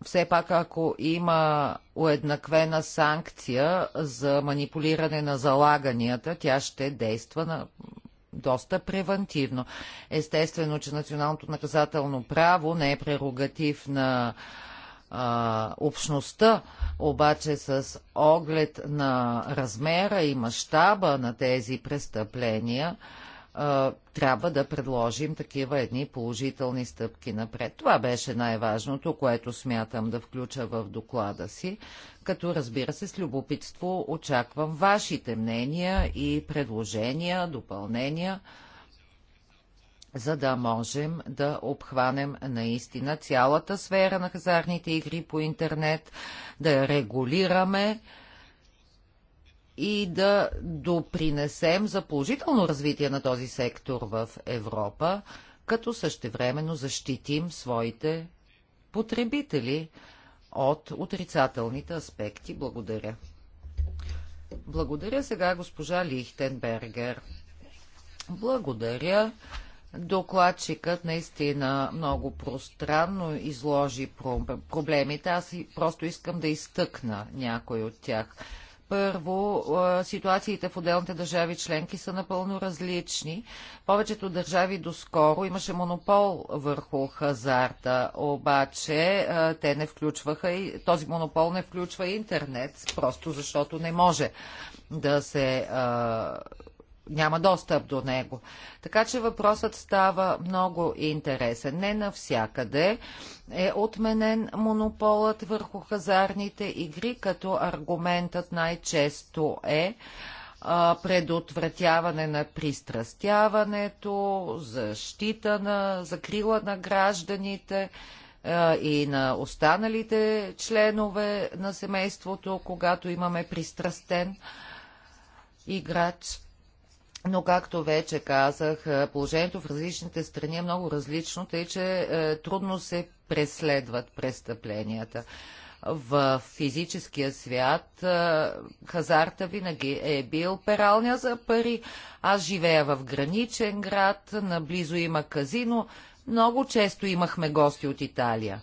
A: все пак ако има уеднаквена санкция за манипулиране на залаганията, тя ще действа на доста превентивно. Естествено, че националното наказателно право не е прерогатив на а, общността, обаче с оглед на размера и мащаба на тези престъпления, трябва да предложим такива едни положителни стъпки напред. Това беше най-важното, което смятам да включа в доклада си, като разбира се с любопитство очаквам вашите мнения и предложения, допълнения, за да можем да обхванем наистина цялата сфера на хазарните игри по интернет, да я регулираме и да допринесем за положително развитие на този сектор в Европа, като същевременно защитим своите потребители от отрицателните аспекти. Благодаря. Благодаря сега госпожа Лихтенбергер. Благодаря. Докладчикът наистина много пространно изложи проблемите. Аз просто искам да изтъкна някой от тях. Първо, ситуациите в отделните държави членки са напълно различни. Повечето държави доскоро имаше монопол върху хазарта, обаче те не включваха и този монопол не включва интернет, просто защото не може да се а, няма достъп до него. Така че въпросът става много интересен. Не навсякъде е отменен монополът върху хазарните игри, като аргументът най-често е а, предотвратяване на пристрастяването, защита на закрила на гражданите а, и на останалите членове на семейството, когато имаме пристрастен играч. Но, както вече казах, е, положението в различните страни е много различно, тъй че е, трудно се преследват престъпленията. В физическия свят е, хазарта винаги е бил пералня за пари. Аз живея в граничен град, наблизо има казино. Много често имахме гости от Италия.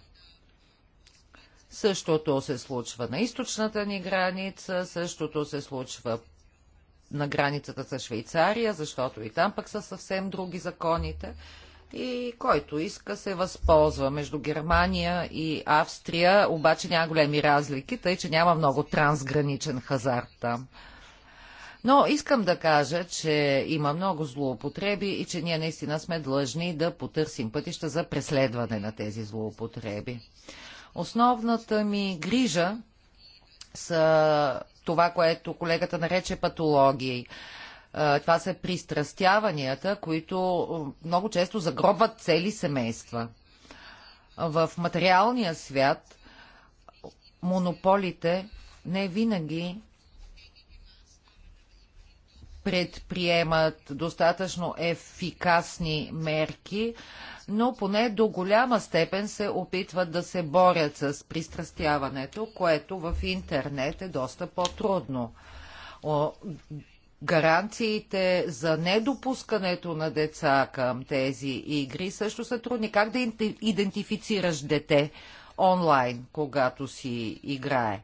A: Същото се случва на източната ни граница, същото се случва на границата с Швейцария, защото и там пък са съвсем други законите. И който иска се възползва между Германия и Австрия, обаче няма големи разлики, тъй че няма много трансграничен хазарт там. Но искам да кажа, че има много злоупотреби и че ние наистина сме длъжни да потърсим пътища за преследване на тези злоупотреби. Основната ми грижа са това, което колегата нарече патологии. Това са пристрастяванията, които много често загробват цели семейства. В материалния свят монополите не винаги предприемат достатъчно ефикасни мерки, но поне до голяма степен се опитват да се борят с пристрастяването, което в интернет е доста по-трудно. Гаранциите за недопускането на деца към тези игри също са трудни. Как да идентифицираш дете онлайн, когато си играе?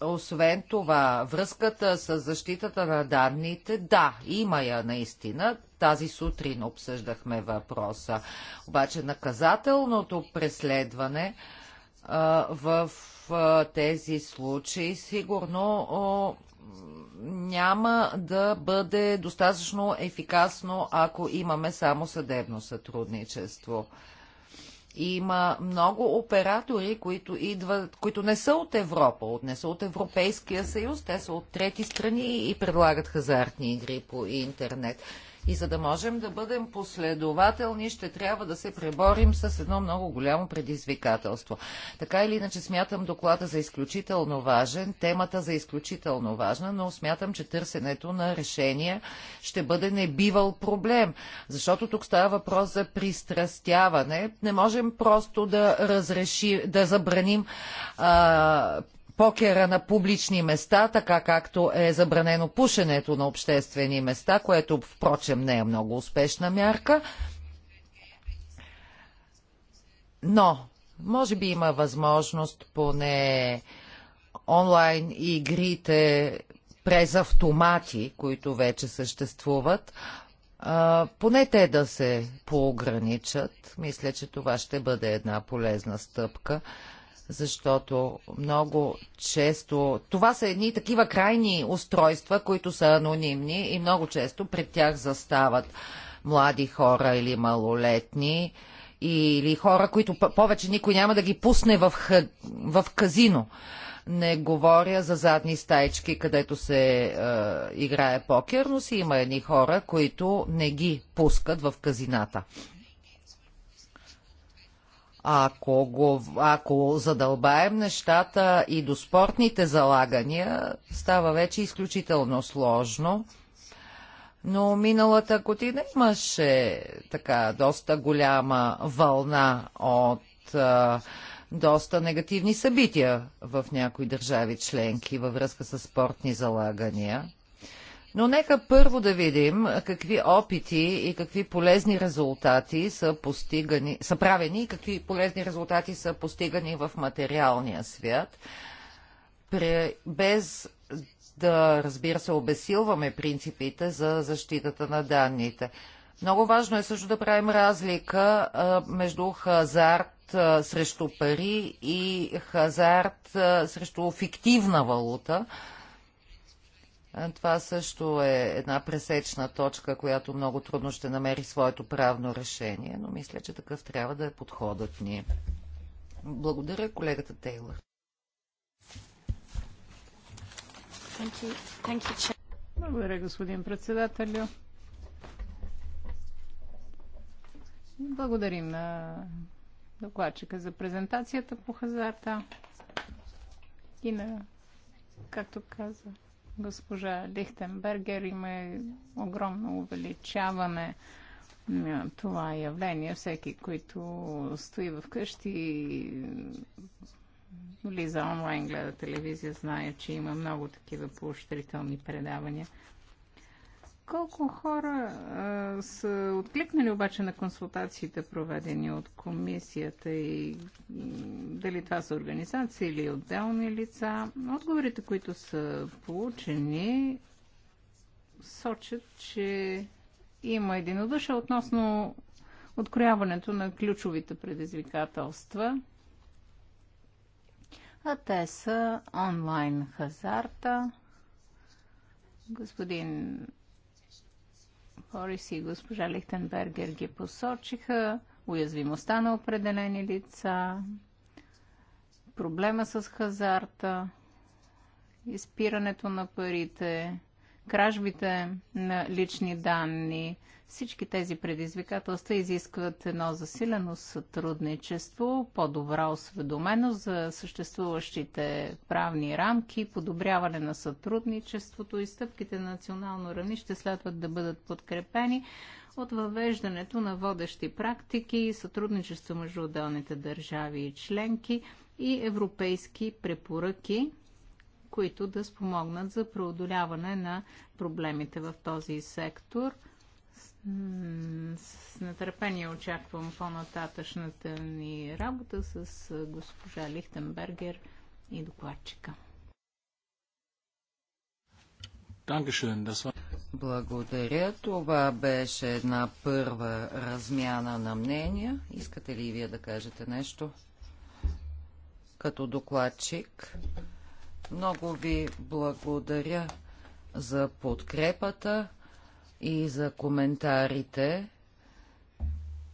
A: Освен това, връзката с защитата на данните, да, има я наистина. Тази сутрин обсъждахме въпроса. Обаче наказателното преследване в тези случаи сигурно няма да бъде достатъчно ефикасно, ако имаме само съдебно сътрудничество. Има много оператори, които идват, които не са от Европа, от не са от Европейския съюз, те са от трети страни и предлагат хазартни игри по интернет. И за да можем да бъдем последователни, ще трябва да се преборим с едно много голямо предизвикателство. Така или иначе смятам доклада за изключително важен, темата за изключително важна, но смятам, че търсенето на решения ще бъде небивал проблем. Защото тук става въпрос за пристрастяване. Не можем просто да разреши, да забраним а, покера на публични места, така както е забранено пушенето на обществени места, което впрочем не е много успешна мярка. Но, може би има възможност поне онлайн игрите през автомати, които вече съществуват, поне те да се поограничат. Мисля, че това ще бъде една полезна стъпка защото много често това са едни такива крайни устройства, които са анонимни и много често пред тях застават млади хора или малолетни или хора, които повече никой няма да ги пусне в, ха... в казино. Не говоря за задни стаички, където се е, играе покер, но си има едни хора, които не ги пускат в казината. Ако, го, ако задълбаем нещата и до спортните залагания, става вече изключително сложно. Но миналата година имаше така доста голяма вълна от а, доста негативни събития в някои държави членки във връзка с спортни залагания. Но нека първо да видим какви опити и какви полезни резултати са, постигани, са правени и какви полезни резултати са постигани в материалния свят, без да, разбира се, обесилваме принципите за защитата на данните. Много важно е също да правим разлика между хазарт срещу пари и хазарт срещу фиктивна валута. Това също е една пресечна точка, която много трудно ще намери своето правно решение, но мисля, че такъв трябва да е подходът ни. Благодаря, колегата
D: Тейлър.
C: Thank you. Thank
D: you. Благодаря, господин председателю. Благодарим на докладчика за презентацията по хазарта и на, както каза госпожа Лихтенбергер има огромно увеличаване на това явление. Всеки, който стои в къщи влиза онлайн, гледа телевизия, знае, че има много такива поощрителни предавания – колко хора а, са откликнали обаче на консултациите, проведени от комисията и дали това са организации или отделни лица? Отговорите, които са получени, сочат, че има единодушие относно открояването на ключовите предизвикателства. А те са онлайн хазарта, господин Орис и госпожа Лихтенбергер ги посочиха, уязвимостта на определени лица, проблема с хазарта, изпирането на парите, кражбите на лични данни. Всички тези предизвикателства изискват едно засилено сътрудничество, по-добра осведоменост за съществуващите правни рамки, подобряване на сътрудничеството и стъпките на национално равнище следват да бъдат подкрепени от въвеждането на водещи практики и сътрудничество между отделните държави и членки и европейски препоръки които да спомогнат за преодоляване на проблемите в този сектор. С нетърпение очаквам по-нататъчната ни работа с госпожа Лихтенбергер и докладчика.
A: Благодаря. Това беше една първа размяна на мнения. Искате ли вие да кажете нещо? Като докладчик. Много ви благодаря за подкрепата и за коментарите.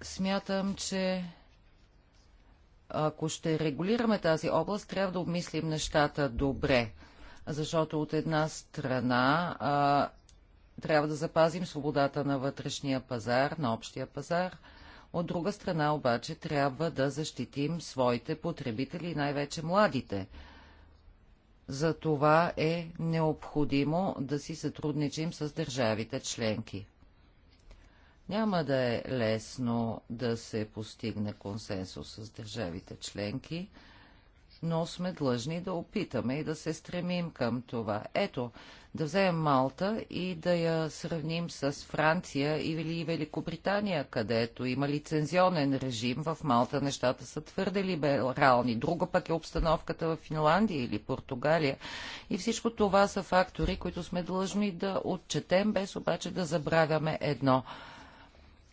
A: Смятам, че ако ще регулираме тази област, трябва да обмислим нещата добре, защото от една страна а, трябва да запазим свободата на вътрешния пазар, на общия пазар, от друга страна обаче трябва да защитим своите потребители, най-вече младите. За това е необходимо да си сътрудничим с държавите членки. Няма да е лесно да се постигне консенсус с държавите членки, но сме длъжни да опитаме и да се стремим към това. Ето, да вземем Малта и да я сравним с Франция или Великобритания, където има лицензионен режим. В Малта нещата са твърде либерални. Друга пък е обстановката в Финландия или Португалия. И всичко това са фактори, които сме длъжни да отчетем, без обаче да забравяме едно.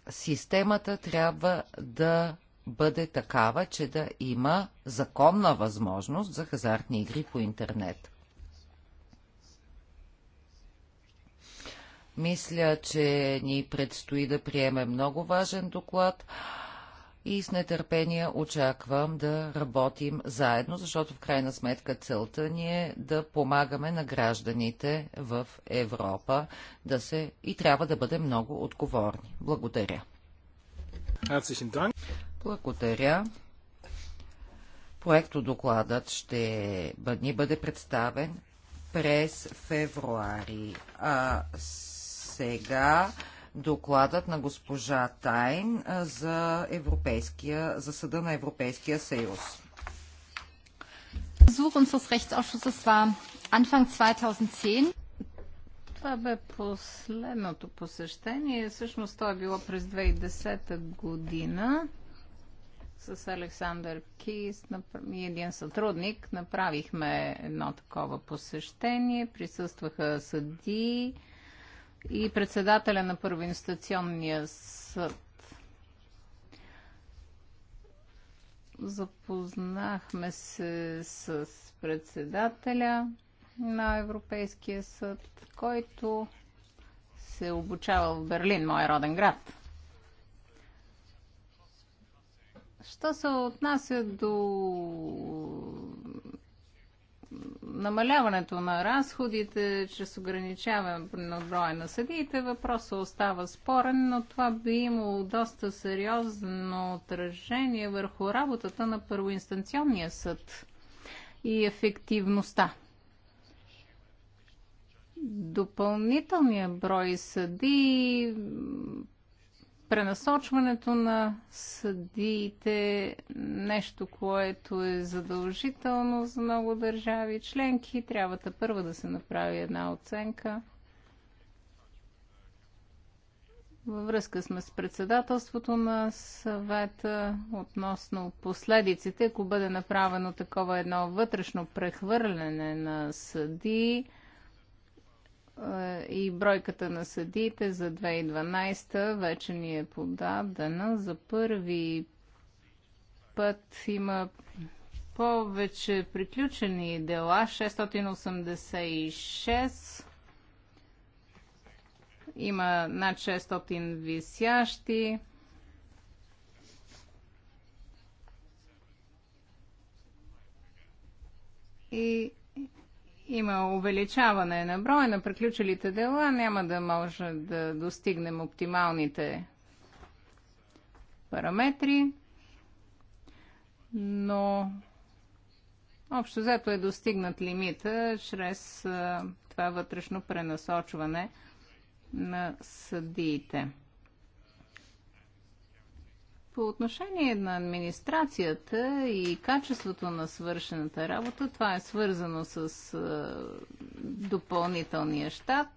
A: Системата трябва да бъде такава, че да има законна възможност за хазартни игри по интернет. Мисля, че ни предстои да приеме много важен доклад и с нетърпение очаквам да работим заедно, защото в крайна сметка целта ни е да помагаме на гражданите в Европа да се и трябва да бъдем много отговорни. Благодаря. Благодаря. Проекто докладът ще ни бъде представен през февруари. А сега докладът на госпожа Тайн за, Европейския, за съда на Европейския съюз.
D: Това бе последното посещение. Всъщност то е било през 2010 година с Александър Кис и един сътрудник направихме едно такова посещение. Присъстваха съдии и председателя на първоинстационния съд. Запознахме се с председателя на Европейския съд, който се обучава в Берлин, мой роден град. Що се отнася до намаляването на разходите чрез ограничаване на броя на съдиите, въпросът остава спорен, но това би имало доста сериозно отражение върху работата на първоинстанционния съд и ефективността. Допълнителният брой съди пренасочването на съдиите, нещо, което е задължително за много държави членки, трябва да първа да се направи една оценка. Във връзка сме с председателството на съвета относно последиците, ако бъде направено такова едно вътрешно прехвърляне на съдии, е, и бройката на съдиите за 2012 вече ни е подадена. За първи път има повече приключени дела 686. Има над 600 висящи. И има увеличаване на броя на приключилите дела, няма да може да достигнем оптималните параметри, но общо взето е достигнат лимита чрез това вътрешно пренасочване на съдиите. По отношение на администрацията и качеството на свършената работа, това е свързано с допълнителния щат.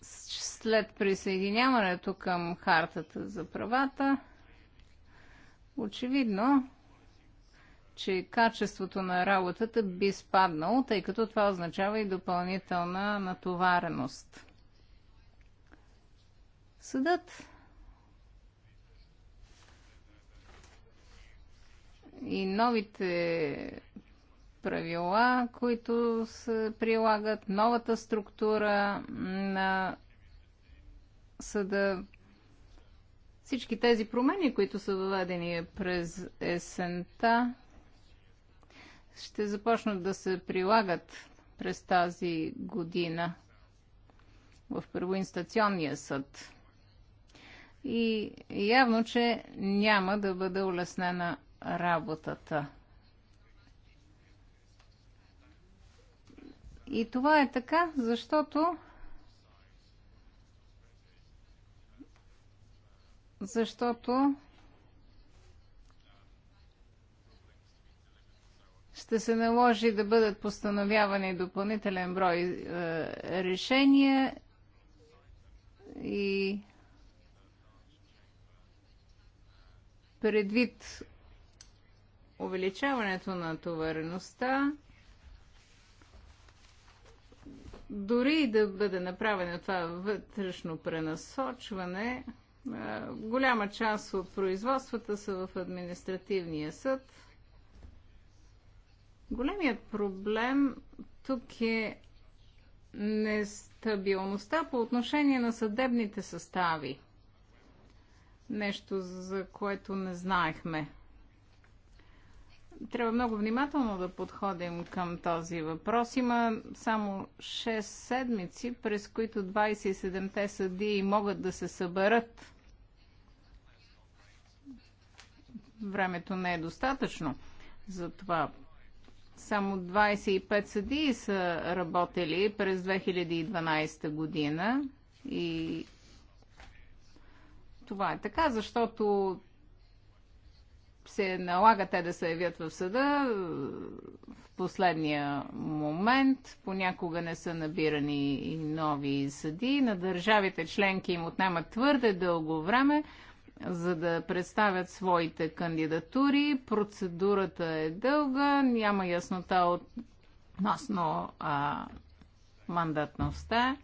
D: След присъединяването към Хартата за правата, очевидно, че качеството на работата би спаднало, тъй като това означава и допълнителна натовареност. Съдът и новите правила, които се прилагат, новата структура на съда. Всички тези промени, които са въведени през есента, ще започнат да се прилагат през тази година в първоинстационния съд и явно, че няма да бъде улеснена работата. И това е така, защото защото ще се наложи да бъдат постановявани допълнителен брой е, решения и Предвид увеличаването на товареността, дори и да бъде направено това вътрешно пренасочване, голяма част от производствата са в административния съд. Големият проблем тук е нестабилността по отношение на съдебните състави нещо, за което не знаехме. Трябва много внимателно да подходим към този въпрос. Има само 6 седмици, през които 27-те съдии могат да се съберат. Времето не е достатъчно за това. Само 25 съдии са работили през 2012 година и това е така, защото се налага те да се явят в съда в последния момент. Понякога не са набирани и нови съди. На държавите членки им отнемат твърде дълго време, за да представят своите кандидатури. Процедурата е дълга, няма яснота относно мандатността.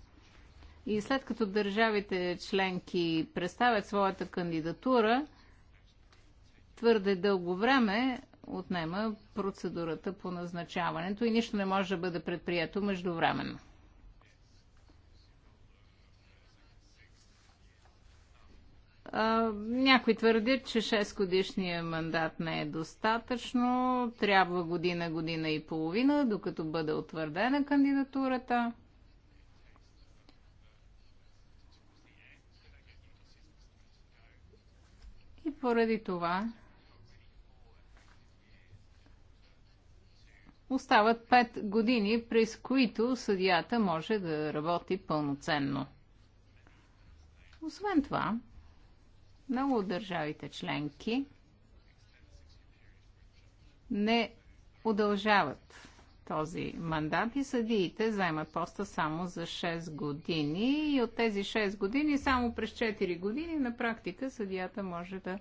D: И след като държавите членки представят своята кандидатура, твърде дълго време отнема процедурата по назначаването и нищо не може да бъде предприето междувременно. Някои твърдят, че 6 годишния мандат не е достатъчно. Трябва година, година и половина, докато бъде утвърдена кандидатурата. Поради това остават 5 години, през които съдията може да работи пълноценно. Освен това, много от държавите членки не удължават този мандат и съдиите заемат поста само за 6 години и от тези 6 години само през 4 години на практика съдията може да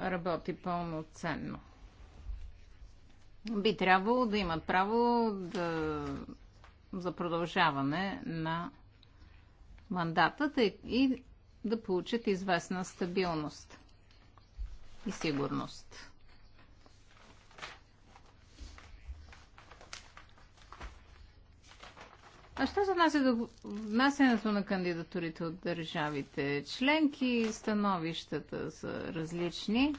D: работи пълноценно. Би трябвало да имат право да, за продължаване на мандата и да получат известна стабилност и сигурност. А що за нас е до внасянето на кандидатурите от държавите? Членки и становищата са различни.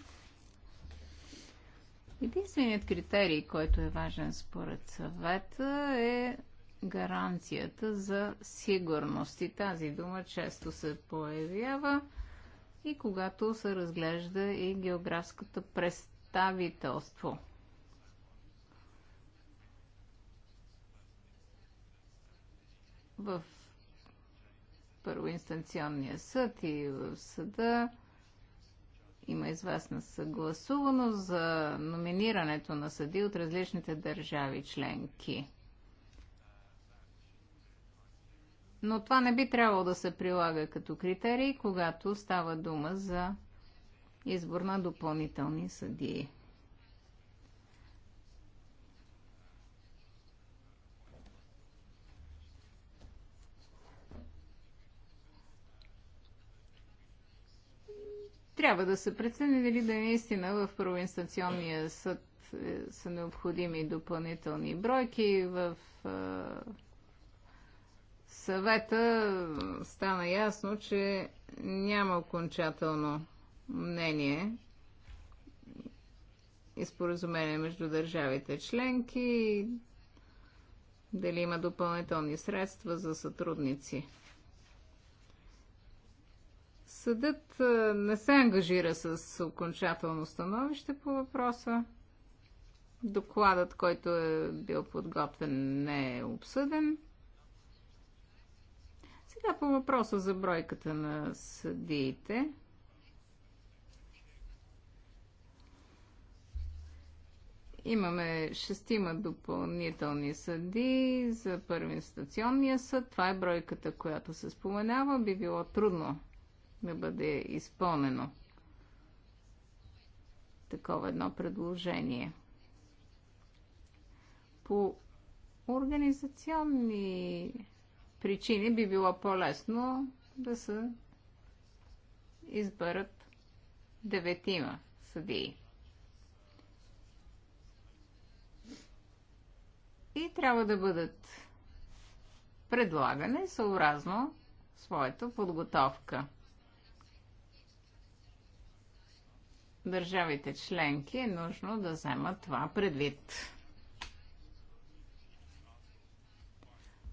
D: Единственият критерий, който е важен според съвета е гаранцията за сигурност. И тази дума често се появява и когато се разглежда и географското представителство – в първоинстанционния съд и в съда има известна съгласуваност за номинирането на съди от различните държави членки. Но това не би трябвало да се прилага като критерий, когато става дума за избор на допълнителни съдии. Трябва да се прецени дали да е наистина в първоинстанционния съд е, са необходими допълнителни бройки. В е, съвета стана ясно, че няма окончателно мнение и споразумение между държавите членки, дали има допълнителни средства за сътрудници. Съдът не се ангажира с окончателно становище по въпроса. Докладът, който е бил подготвен, не е обсъден. Сега по въпроса за бройката на съдиите. Имаме шестима допълнителни съди за първинстационния съд. Това е бройката, която се споменава. Би било трудно да бъде изпълнено такова едно предложение. По организационни причини би било по-лесно да се изберат деветима съдии. И трябва да бъдат предлагане съобразно своята подготовка. държавите членки е нужно да вземат това предвид.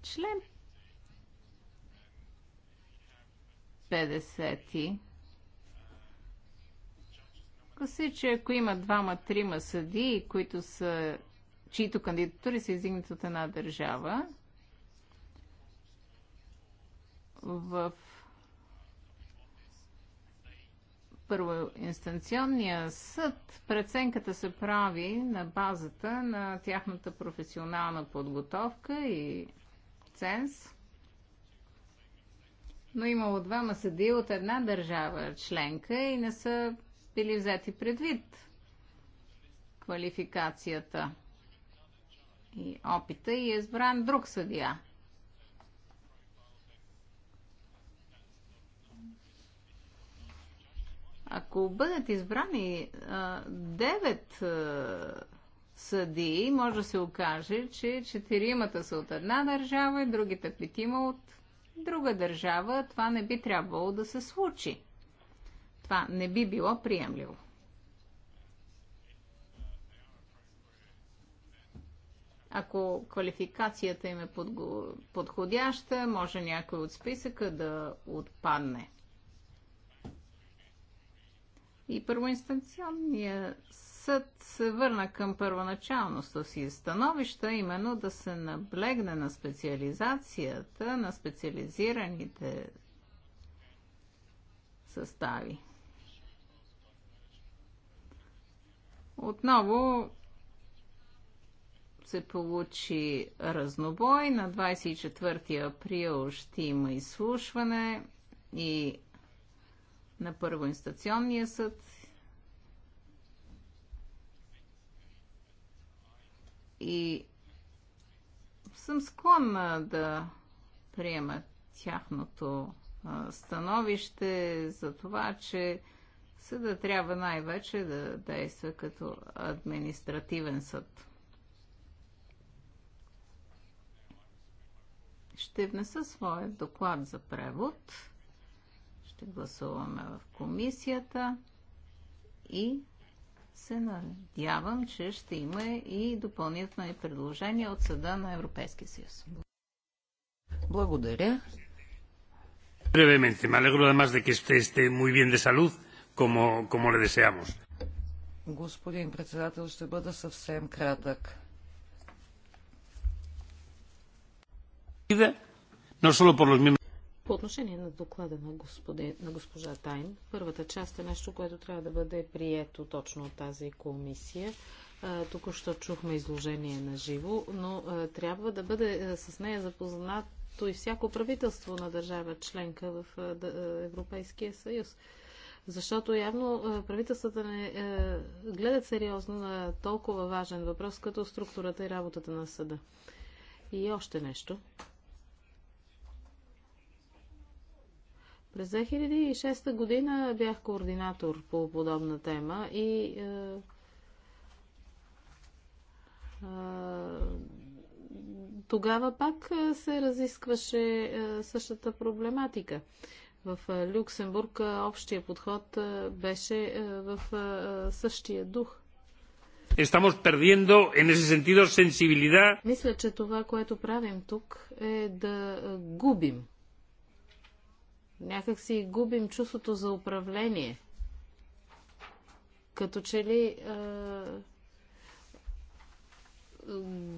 D: Член 50. Гласи, че ако има двама-трима съдии, които са, чието кандидатури са издигнати от една държава, в първоинстанционния съд преценката се прави на базата на тяхната професионална подготовка и ценз. Но имало двама съди от една държава членка и не са били взети предвид квалификацията и опита и е избран друг съдия. Ако бъдат избрани девет съдии, може да се окаже, че четиримата са от една държава и другите петима от друга държава. Това не би трябвало да се случи. Това не би било приемливо. Ако квалификацията им е подходяща, може някой от списъка да отпадне. И първоинстанционният съд се върна към първоначалното си становище, именно да се наблегне на специализацията на специализираните състави. Отново се получи разнобой. На 24 април ще има изслушване и на първоинстационния съд и съм склонна да приема тяхното становище за това, че съда трябва най-вече да действа като административен съд. Ще внеса своят доклад за превод. Ще гласуваме в комисията и се надявам, че ще има и допълнителни предложения от Съда на Европейския съюз. Благодаря.
C: Бревементе, me alegro además de que usted esté muy bien de salud, como, como le deseamos.
A: Господин председател, ще бъда съвсем кратък.
C: No solo por los по отношение на доклада на, господи, на госпожа Тайн, първата част е нещо, което трябва да бъде прието точно от тази комисия. тук що чухме изложение на живо, но трябва да бъде с нея запознато и всяко правителство на държава членка в Европейския съюз. Защото явно правителствата не гледат сериозно на толкова важен въпрос, като структурата и работата на съда. И още нещо. През 2006 година бях координатор по подобна тема и е, е, тогава пак е, се разискваше същата проблематика. В Люксембург общия подход беше в същия дух. Estamos perdiendo en ese sentido sensibilidad. Мисля, че това, което правим тук е да губим Някак си губим чувството за управление. Като че ли а,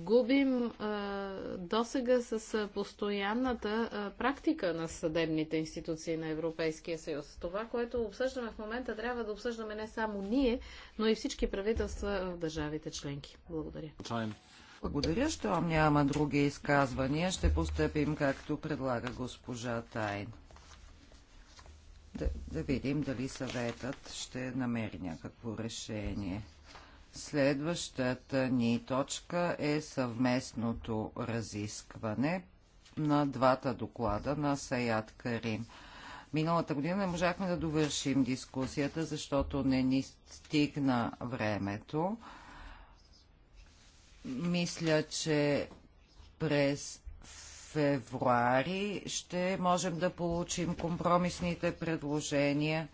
C: губим а, досега с постоянната а, практика на съдебните институции на Европейския съюз. Това, което обсъждаме в момента, трябва да обсъждаме не само ние, но и всички правителства в държавите членки. Благодаря.
A: Благодаря, що няма други изказвания. Ще постъпим както предлага госпожа Тайн да, да видим дали съветът ще намери някакво решение. Следващата ни точка е съвместното разискване на двата доклада на Саят Карим. Миналата година не можахме да довършим дискусията, защото не ни стигна времето. Мисля, че през февруари ще можем да получим компромисните предложения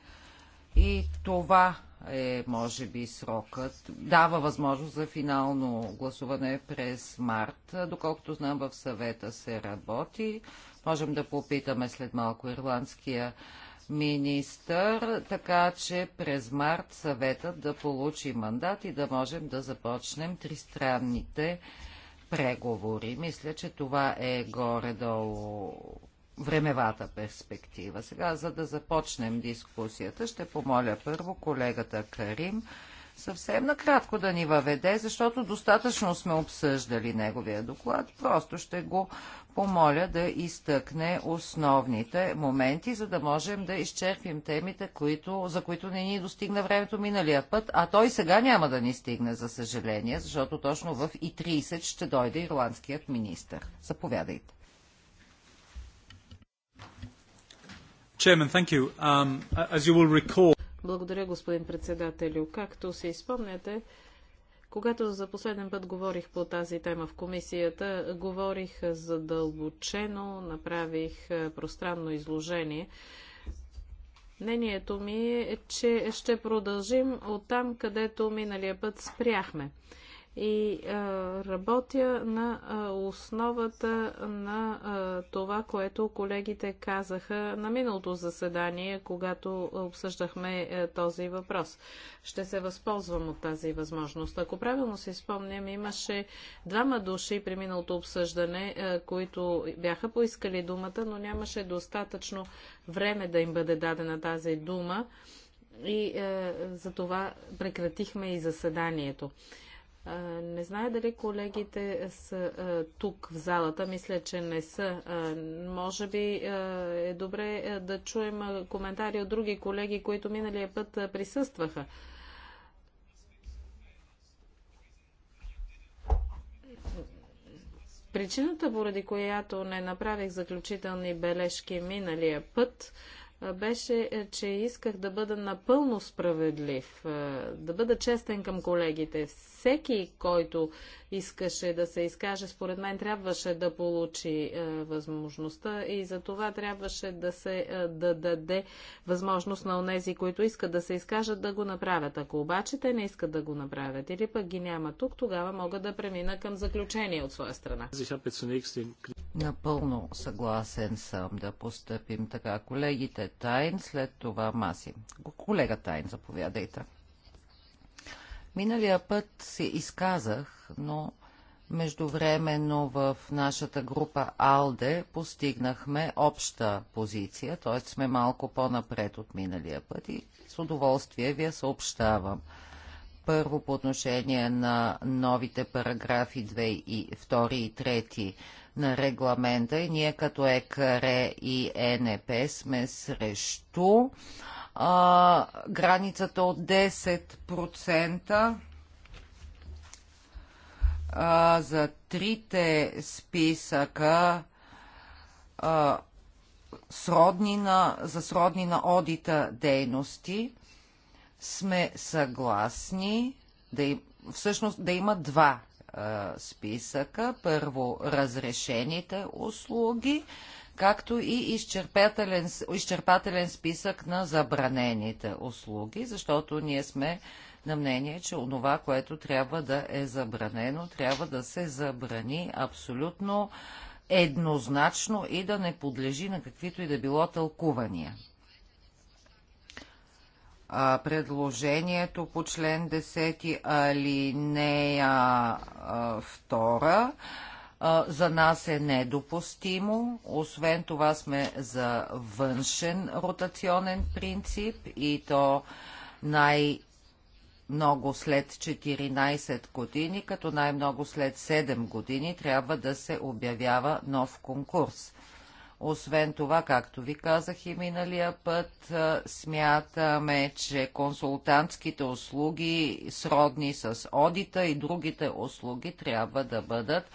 A: и това е, може би, срокът. Дава възможност за финално гласуване през март. Доколкото знам, в съвета се работи. Можем да попитаме след малко ирландския министър, така че през март съветът да получи мандат и да можем да започнем тристранните преговори. Мисля, че това е горе-долу времевата перспектива. Сега, за да започнем дискусията, ще помоля първо колегата Карим съвсем накратко да ни въведе, защото достатъчно сме обсъждали неговия доклад. Просто ще го помоля да изтъкне основните моменти, за да можем да изчерпим темите, които, за които не ни достигна времето миналия път, а той сега няма да ни стигне, за съжаление, защото точно в И-30 ще дойде ирландският министр. Заповядайте.
B: Chairman, thank you. Um, as you will recall...
C: Благодаря, господин председателю. Както си спомняте, когато за последен път говорих по тази тема в комисията, говорих задълбочено, направих пространно изложение. Мнението ми е, че ще продължим от там, където миналия път спряхме и а, работя на а, основата на а, това, което колегите казаха на миналото заседание, когато обсъждахме а, е, този въпрос. Ще се възползвам от тази възможност. Ако правилно си спомням, имаше двама души при миналото обсъждане, а, е, които бяха поискали думата, но нямаше достатъчно време да им бъде дадена тази дума и е, за това прекратихме и заседанието. Не зная дали колегите са тук в залата. Мисля, че не са. Може би е добре да чуем коментари от други колеги, които миналия път присъстваха. Причината, поради която не направих заключителни бележки миналия път, беше, е, че исках да бъда напълно справедлив, е, да бъда честен към колегите. Всеки, който искаше да се изкаже, според мен трябваше да получи е, възможността и за това трябваше да се е, да даде възможност на онези, които искат да се изкажат, да го направят. Ако обаче те не искат да го направят или пък ги няма тук, тогава мога да премина към заключение от своя страна.
A: Напълно съгласен съм да постъпим така. Колегите Тайн, след това Маси. Колега Тайн, заповядайте. Миналия път се изказах, но междувременно в нашата група АЛДЕ постигнахме обща позиция, т.е. сме малко по-напред от миналия път и с удоволствие ви я съобщавам. Първо по отношение на новите параграфи 2 и 2 и 3 на регламента и ние като ЕКРЕ и НЕПЕ сме срещу а, границата от 10% а, за трите списъка а, за сродни на одита дейности сме съгласни да им, всъщност да има два а, списъка. Първо разрешените услуги, както и изчерпателен, изчерпателен списък на забранените услуги, защото ние сме на мнение, че онова, което трябва да е забранено, трябва да се забрани абсолютно еднозначно и да не подлежи на каквито и да било тълкувания. А, предложението по член 10 алинея 2 за нас е недопустимо. Освен това сме за външен ротационен принцип и то най- много след 14 години, като най-много след 7 години трябва да се обявява нов конкурс. Освен това, както ви казах и миналия път, смятаме, че консултантските услуги, сродни с одита и другите услуги, трябва да бъдат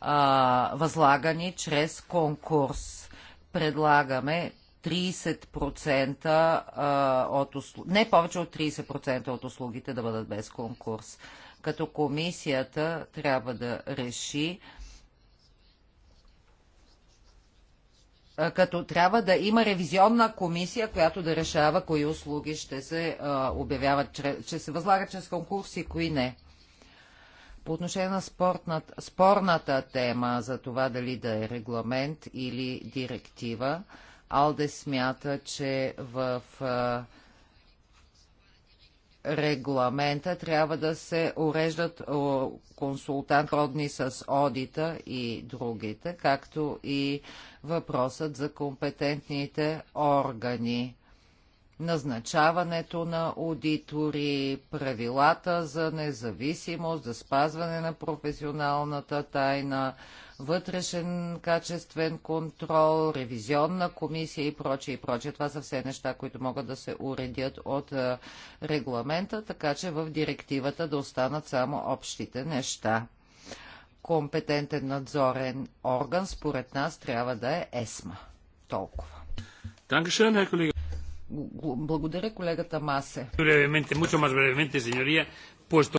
A: а, възлагани чрез конкурс. Предлагаме 30% от услу... не повече от 30% от услугите да бъдат без конкурс. Като комисията трябва да реши като трябва да има ревизионна комисия, която да решава кои услуги ще се обявяват, че се възлагат чрез конкурс и кои не. По отношение на спортната, спорната тема за това дали да е регламент или директива, Алде смята, че в а, регламента трябва да се уреждат консултант родни с одита и другите, както и въпросът за компетентните органи назначаването на аудитори, правилата за независимост, за спазване на професионалната тайна, вътрешен качествен контрол, ревизионна комисия и прочее и прочее. Това са все неща, които могат да се уредят от е, регламента, така че в директивата да останат само общите неща. Компетентен надзорен орган, според нас, трябва да е ЕСМА. Толкова. Dankeschön, Herr Kollege. Благодаря колегата Масе.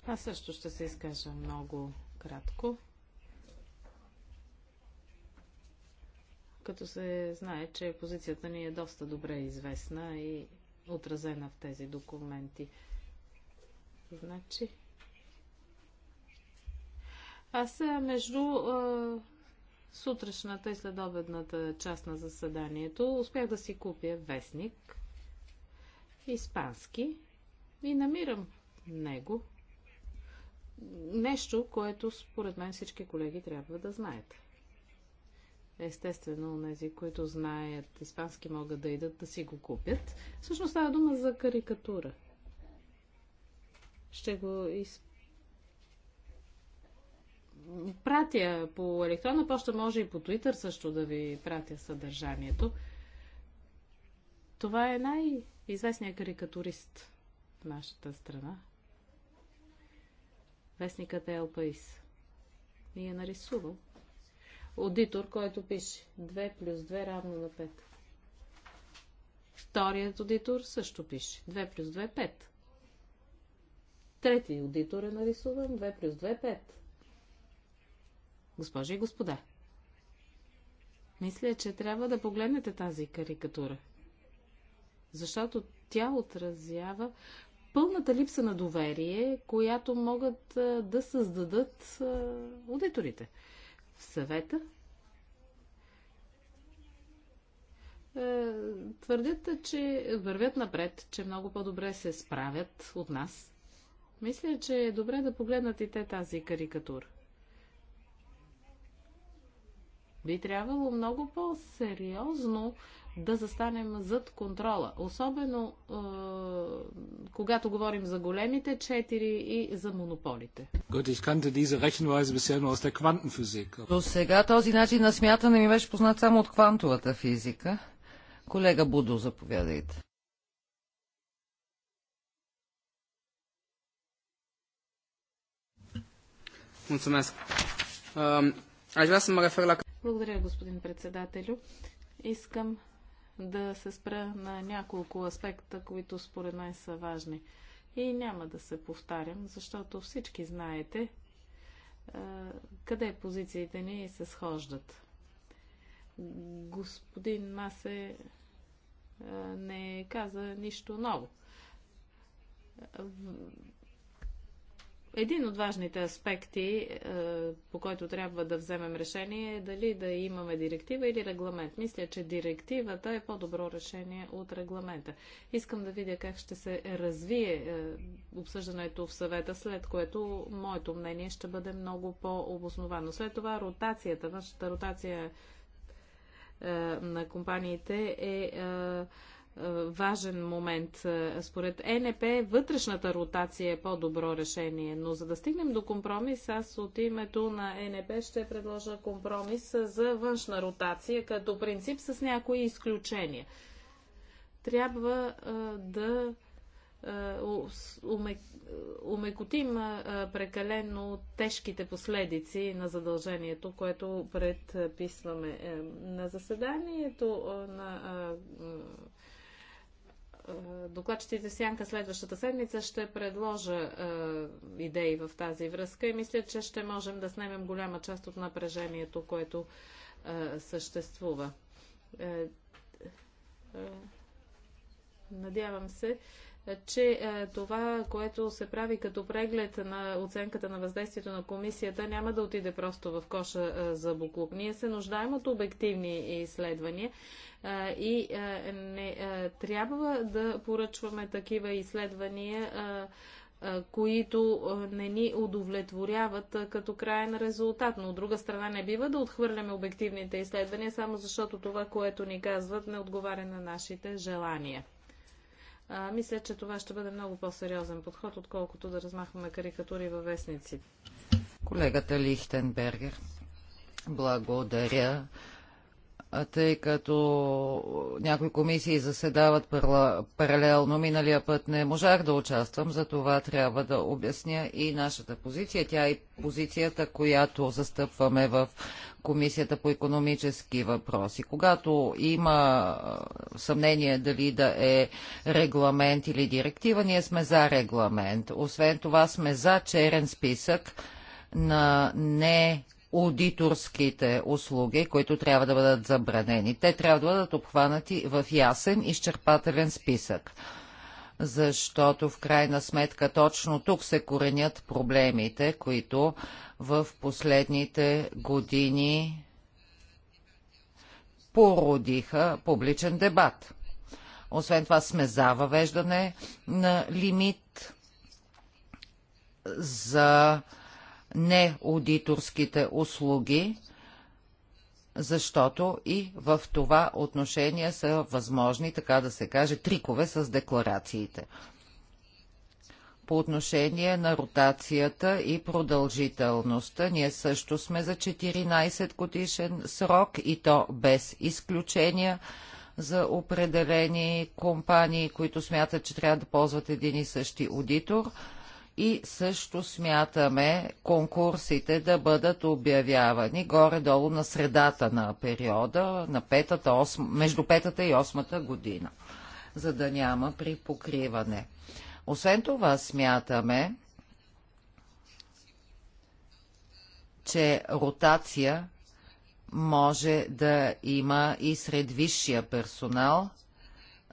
C: Аз също ще се изкажа много кратко. Като се знае, че позицията ни е доста добре известна и отразена в тези документи. Значи. Аз между сутрешната и следобедната част на заседанието успях да си купя вестник испански и намирам него нещо, което според мен всички колеги трябва да знаят. Естествено, тези, които знаят испански, могат да идат да си го купят. Всъщност става дума за карикатура. Ще го из... пратя по електронна почта, може и по Twitter също да ви пратя съдържанието. Това е най- известният карикатурист в нашата страна. Вестникът е Елпаис. И е нарисувал аудитор, който пише 2 плюс 2 равно на 5. Вторият аудитор също пише 2 плюс 2 5. Трети аудитор е нарисуван 2 плюс 2 5. Госпожи и господа, мисля, че трябва да погледнете тази карикатура – защото тя отразява пълната липса на доверие, която могат да създадат аудиторите в съвета. Твърдят, че вървят напред, че много по-добре се справят от нас. Мисля, че е добре да погледнат и те тази карикатура. Би трябвало много по-сериозно да застанем зад контрола. Особено е, когато говорим за големите четири и за монополите.
B: До сега
A: този начин на смятане ми беше познат само от квантовата физика. Колега Будо,
D: заповядайте. Ehm,
C: Благодаря, господин председателю. Искам да се спра на няколко аспекта, които според мен са важни. И няма да се повтарям, защото всички знаете е, къде позициите ни се схождат. Господин Масе е, не каза нищо ново един от важните аспекти, е, по който трябва да вземем решение, е дали да имаме директива или регламент. Мисля, че директивата е по-добро решение от регламента. Искам да видя как ще се развие е, обсъждането в съвета, след което моето мнение ще бъде много по-обосновано. След това ротацията, нашата ротация е, на компаниите е важен момент. Според ЕНП вътрешната ротация е по-добро решение, но за да стигнем до компромис, аз от името на ЕНП ще предложа компромис за външна ротация, като принцип с някои изключения. Трябва да умекотим прекалено тежките последици на задължението, което предписваме. На заседанието на докладчиците Сянка следващата седмица ще предложа е, идеи в тази връзка и мисля, че ще можем да снемем голяма част от напрежението, което е, съществува. Е, е надявам се, че е, това, което се прави като преглед на оценката на въздействието на комисията, няма да отиде просто в коша е, за буклук. Ние се нуждаем от обективни изследвания е, и не трябва да поръчваме такива изследвания, които не ни удовлетворяват като крайен резултат. Но от друга страна не бива да отхвърляме обективните изследвания, само защото това, което ни казват, не отговаря на нашите желания. А, мисля, че това ще бъде много по-сериозен подход, отколкото да размахваме карикатури във вестници.
A: Колегата Лихтенбергер, благодаря тъй като някои комисии заседават паралелно. Миналия път не можах да участвам, за това трябва да обясня и нашата позиция. Тя и е позицията, която застъпваме в Комисията по економически въпроси. Когато има съмнение дали да е регламент или директива, ние сме за регламент. Освен това сме за черен списък на не аудиторските услуги, които трябва да бъдат забранени. Те трябва да бъдат обхванати в ясен изчерпателен списък защото в крайна сметка точно тук се коренят проблемите, които в последните години породиха публичен дебат. Освен това сме за въвеждане на лимит за не аудиторските услуги, защото и в това отношение са възможни, така да се каже, трикове с декларациите. По отношение на ротацията и продължителността, ние също сме за 14 годишен срок и то без изключения за определени компании, които смятат, че трябва да ползват един и същи аудитор – и също смятаме конкурсите да бъдат обявявани горе-долу на средата на периода, на петата, осм... между петата и осмата година, за да няма при покриване. Освен това смятаме, че ротация може да има и сред висшия персонал –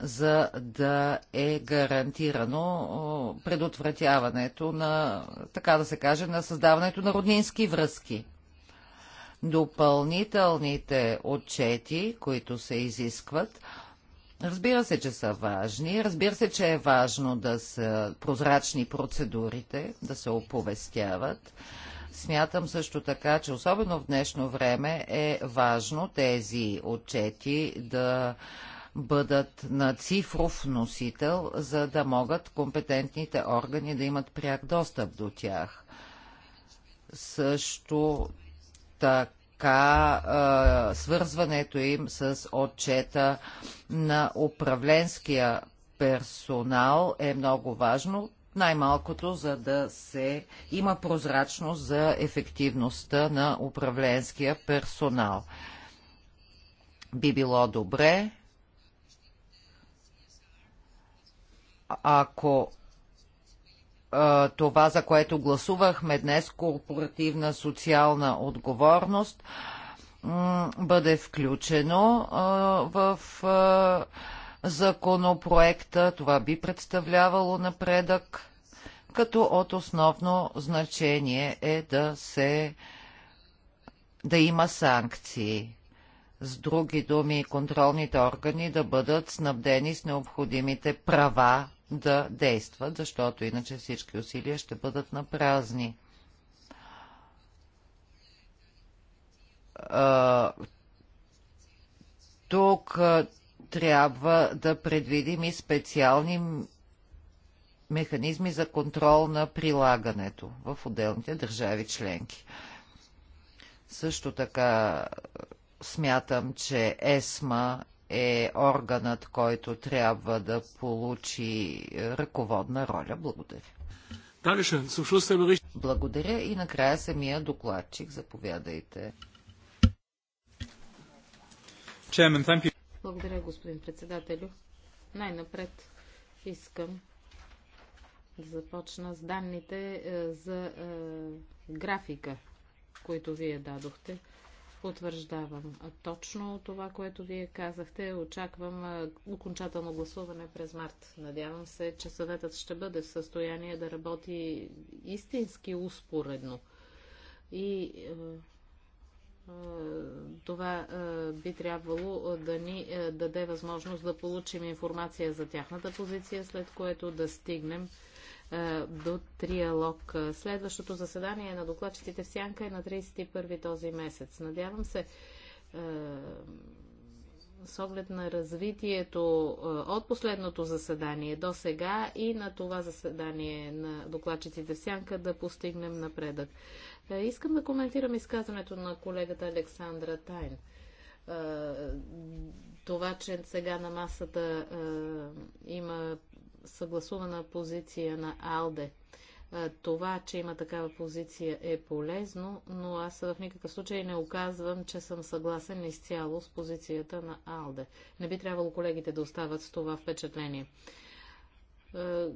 A: за да е гарантирано предотвратяването на, така да се каже, на създаването на роднински връзки. Допълнителните отчети, които се изискват, разбира се, че са важни, разбира се, че е важно да са прозрачни процедурите, да се оповестяват. Смятам също така, че особено в днешно време е важно тези отчети да бъдат на цифров носител, за да могат компетентните органи да имат пряк достъп до тях. Също така свързването им с отчета на управленския персонал е много важно, най-малкото за да се има прозрачност за ефективността на управленския персонал. Би било добре ако това, за което гласувахме днес, корпоративна социална отговорност, бъде включено в законопроекта. Това би представлявало напредък, като от основно значение е да се да има санкции. С други думи, контролните органи да бъдат снабдени с необходимите права да действат, защото иначе всички усилия ще бъдат на празни. Тук трябва да предвидим и специални механизми за контрол на прилагането в отделните държави членки. Също така смятам, че ЕСМА е органът, който трябва да получи ръководна роля. Благодаря. Благодаря и накрая самия докладчик. Заповядайте.
C: Благодаря, господин председателю. Най-напред искам да започна с данните е, за е, графика, които вие дадохте. Потвърждавам. Точно това, което вие казахте, очаквам окончателно гласуване през март. Надявам се, че съветът ще бъде в състояние да работи истински успоредно. И това би трябвало да ни даде възможност да получим информация за тяхната позиция, след което да стигнем е, до триалог. Следващото заседание на докладчиците в Сянка е на 31 този месец. Надявам се е, с оглед на развитието е, от последното заседание до сега и на това заседание на докладчиците в Сянка да постигнем напредък. Искам да коментирам изказването на колегата Александра Тайн. Това, че сега на масата има съгласувана позиция на АЛДЕ. Е, това, че има такава позиция е полезно, но аз в никакъв случай не оказвам, че съм съгласен изцяло с позицията на АЛДЕ. Не би трябвало колегите да остават с това впечатление е,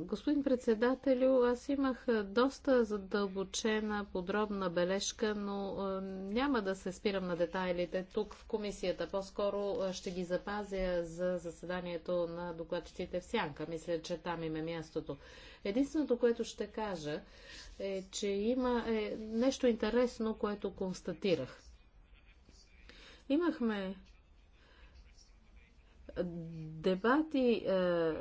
C: Господин председателю, аз имах доста задълбочена, подробна бележка, но е, няма да се спирам на детайлите тук в комисията. По-скоро е, ще ги запазя за заседанието на докладчиците в Сянка. Мисля, че там им е мястото. Единственото, което ще кажа е, че има е, нещо интересно, което констатирах. Имахме дебати е,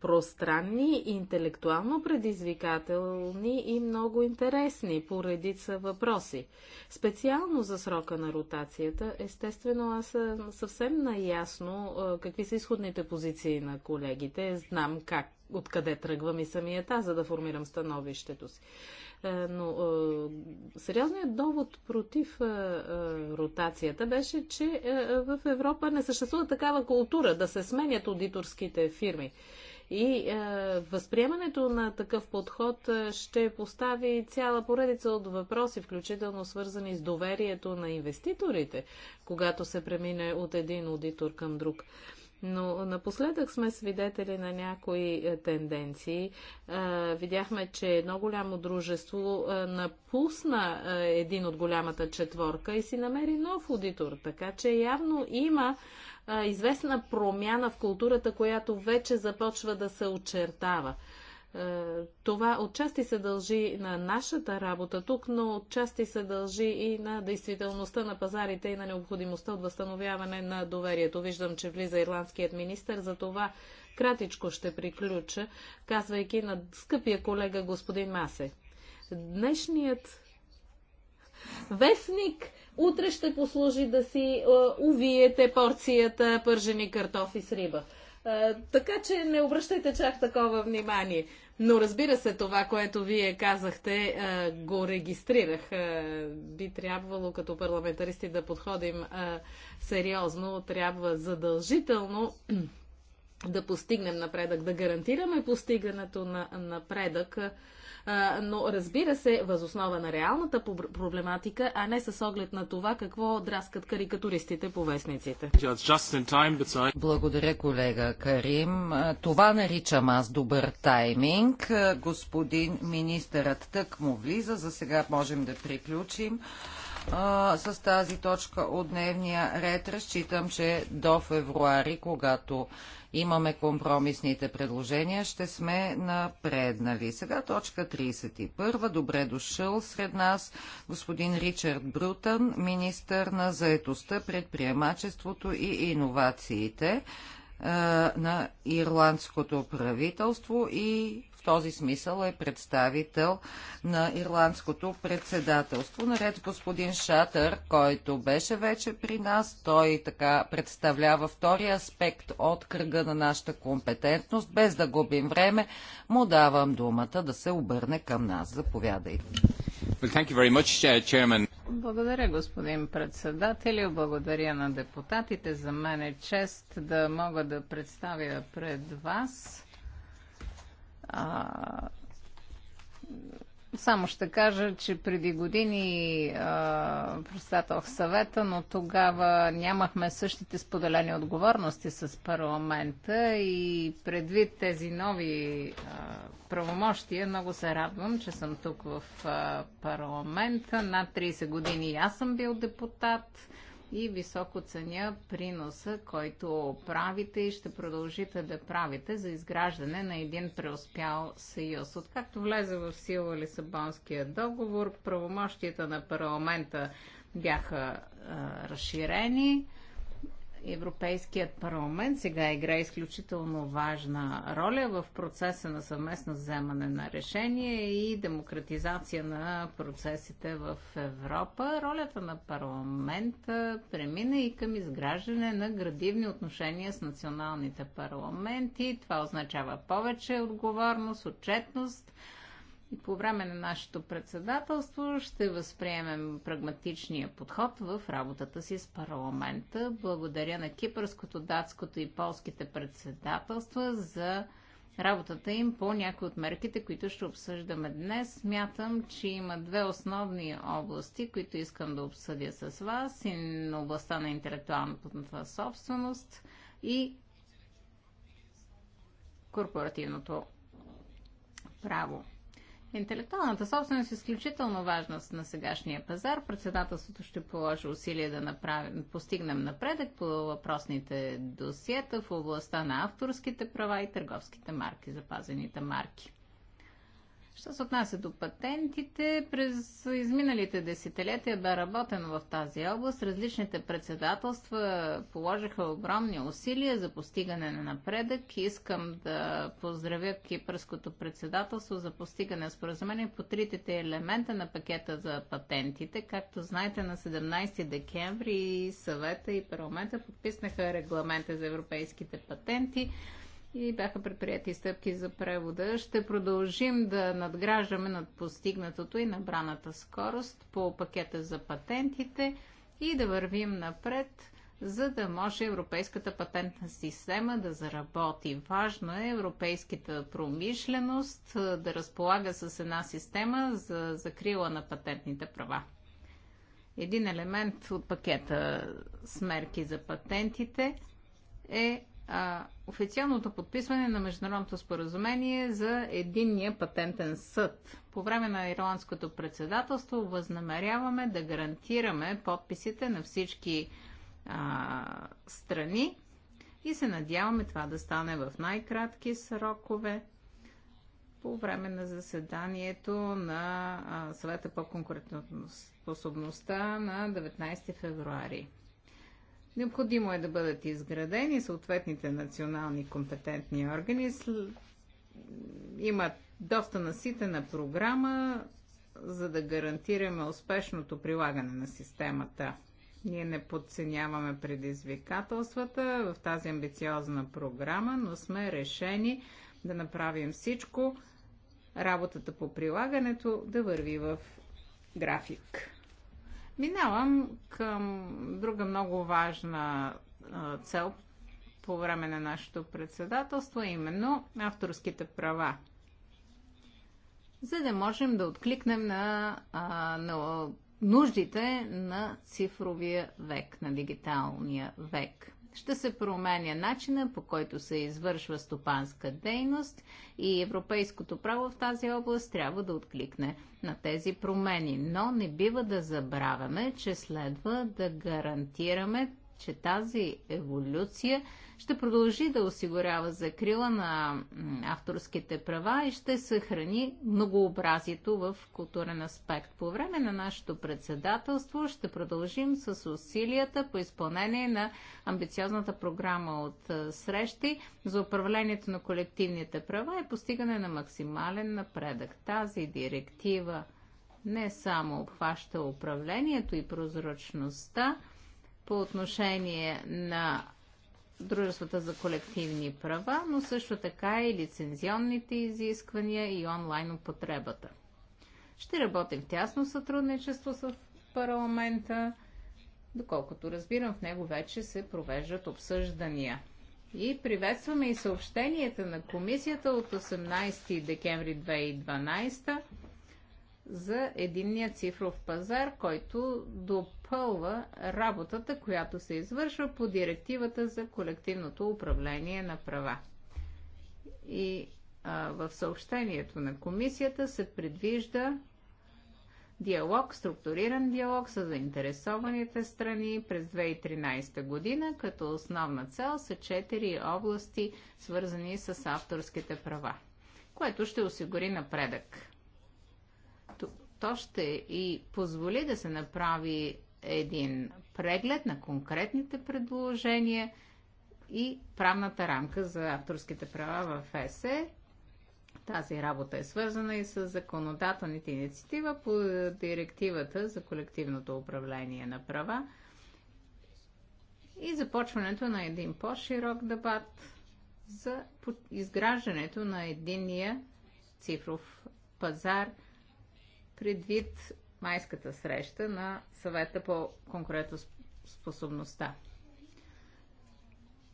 C: пространни, интелектуално предизвикателни и много интересни по редица въпроси. Специално за срока на ротацията, естествено, аз съм съвсем наясно е, какви са изходните позиции на колегите. Знам как, откъде тръгвам и самията, за да формирам становището си. Е, но е, сериозният довод против е, ротацията беше, че в Европа не съществува такава култура да се сменят аудиторските фирми. И е, възприемането на такъв подход ще постави цяла поредица от въпроси, включително свързани с доверието на инвеститорите, когато се премине от един аудитор към друг. Но напоследък сме свидетели на някои е, тенденции. Е, видяхме, че едно голямо дружество е, напусна един от голямата четворка и си намери нов аудитор. Така че явно има известна промяна в културата, която вече започва да се очертава. Е, това отчасти се дължи на нашата работа тук, но отчасти се дължи и на действителността на пазарите и на необходимостта от възстановяване на доверието. Виждам, че влиза ирландският министр, за това кратичко ще приключа, казвайки на скъпия колега господин Масе. Днешният вестник утре ще послужи да си е, увиете порцията пържени картофи с риба така че не обръщайте чак такова внимание. Но разбира се, това, което вие казахте, го регистрирах. Би трябвало като парламентаристи да подходим сериозно. Трябва задължително да постигнем напредък, да гарантираме постигането на напредък но разбира се, възоснова на реалната проблематика, а не с оглед на това какво драскат карикатуристите по вестниците. Благодаря, колега
A: Карим. Това наричам аз добър тайминг. Господин министърът тък му влиза. За сега можем да приключим а, с тази точка от дневния ред. Разчитам, че до февруари, когато имаме компромисните предложения, ще сме напреднали. Сега точка 31. Добре дошъл сред нас господин Ричард Брутън, министър на заетостта, предприемачеството и иновациите на ирландското правителство и този смисъл е представител на ирландското председателство. Наред с господин Шатър, който беше вече при нас, той така представлява втория аспект от кръга на нашата компетентност. Без да губим време, му давам думата да се обърне към нас. Заповядайте.
B: Well, much,
D: благодаря, господин председател. Благодаря на депутатите. За мен е чест да мога да представя пред вас а, само ще кажа, че преди години а, председател съвета, но тогава нямахме същите споделени отговорности с парламента и предвид тези нови а, правомощия, много се радвам, че съм тук в а, парламента. Над 30 години аз съм бил депутат и високо ценя приноса, който правите и ще продължите да правите за изграждане на един преуспял съюз. Откакто влезе в сила Лисабонския договор, правомощията на парламента бяха а, разширени Европейският парламент сега игра изключително важна роля в процеса на съвместно вземане на решение и демократизация на процесите в Европа. Ролята на парламента премина и към изграждане на градивни отношения с националните парламенти. Това означава повече отговорност, отчетност, и по време на нашето председателство ще възприемем прагматичния подход в работата си с парламента. Благодаря на кипърското, датското и полските председателства за работата им по някои от мерките, които ще обсъждаме днес. Смятам, че има две основни области, които искам да обсъдя с вас. И на областта на интелектуалната собственост и корпоративното право. Интелектуалната собственост е изключително важна на сегашния пазар. Председателството ще положи усилия да направим, постигнем напредък по въпросните досиета в областта на авторските права и търговските марки, запазените марки. Що се отнася до патентите, през изминалите десетилетия бе работено в тази област. Различните председателства положиха огромни усилия за постигане на напредък. Искам да поздравя Кипърското председателство за постигане на споразумение по трите елемента на пакета за патентите. Както знаете, на 17 декември съвета и парламента подписнаха регламента за европейските патенти и бяха предприяти стъпки за превода. Ще продължим да надграждаме над постигнатото и набраната скорост по пакета за патентите и да вървим напред, за да може европейската патентна система да заработи. Важно е европейската промишленост да разполага с една система за закрила на патентните права. Един елемент от пакета с мерки за патентите е а, официалното подписване на Международното споразумение за единния патентен съд. По време на ирландското председателство възнамеряваме да гарантираме подписите на всички а, страни и се надяваме това да стане в най-кратки срокове по време на заседанието на а, съвета по конкурентоспособността на 19 февруари. Необходимо е да бъдат изградени съответните национални компетентни органи. Имат доста наситена програма, за да гарантираме успешното прилагане на системата. Ние не подценяваме предизвикателствата в тази амбициозна програма, но сме решени да направим всичко, работата по прилагането да върви в график. Минавам към друга много важна цел по време на нашето председателство, именно авторските права. За да можем да откликнем на, на нуждите на цифровия век, на дигиталния век ще се променя начина по който се извършва стопанска дейност и европейското право в тази област трябва да откликне на тези промени. Но не бива да забравяме, че следва да гарантираме, че тази еволюция ще продължи да осигурява закрила на авторските права и ще съхрани многообразието в културен аспект. По време на нашето председателство ще продължим с усилията по изпълнение на амбициозната програма от срещи за управлението на колективните права и постигане на максимален напредък. Тази директива не само обхваща управлението и прозрачността по отношение на дружествата за колективни права, но също така и лицензионните изисквания и онлайн употребата. Ще работим в тясно сътрудничество с парламента. Доколкото разбирам, в него вече се провеждат обсъждания. И приветстваме и съобщенията на комисията от 18 декември 2012 за единния цифров пазар, който до допълва работата, която се извършва по директивата за колективното управление на права. И а, в съобщението на комисията се предвижда диалог, структуриран диалог с заинтересованите страни през 2013 година, като основна цел са четири области, свързани с авторските права, което ще осигури напредък. То ще и позволи да се направи един преглед на конкретните предложения и правната рамка за авторските права в ЕСЕ. Тази работа е свързана и с законодателните инициатива по директивата за колективното управление на права и започването на един по-широк дебат за изграждането на единния цифров пазар предвид майската среща на съвета по конкурентоспособността.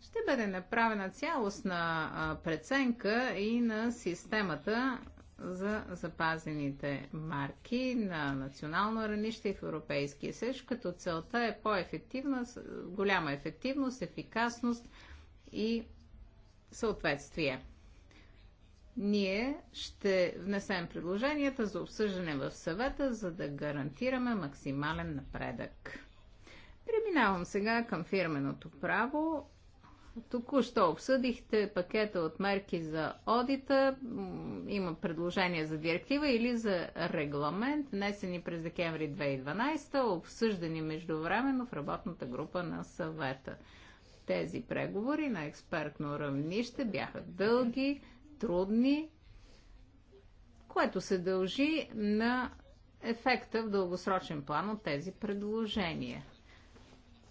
D: Ще бъде направена цялостна преценка и на системата за запазените марки на национално ранище и в Европейския съюз, като целта е по-ефективна, голяма ефективност, ефикасност и съответствие ние ще внесем предложенията за обсъждане в съвета, за да гарантираме максимален напредък. Преминавам сега към фирменото право. Току-що обсъдихте пакета от мерки за одита. Има предложение за директива или за регламент, внесени през декември 2012, обсъждани междувременно в работната група на съвета. Тези преговори на експертно равнище бяха дълги трудни, което се дължи на ефекта в дългосрочен план от тези предложения.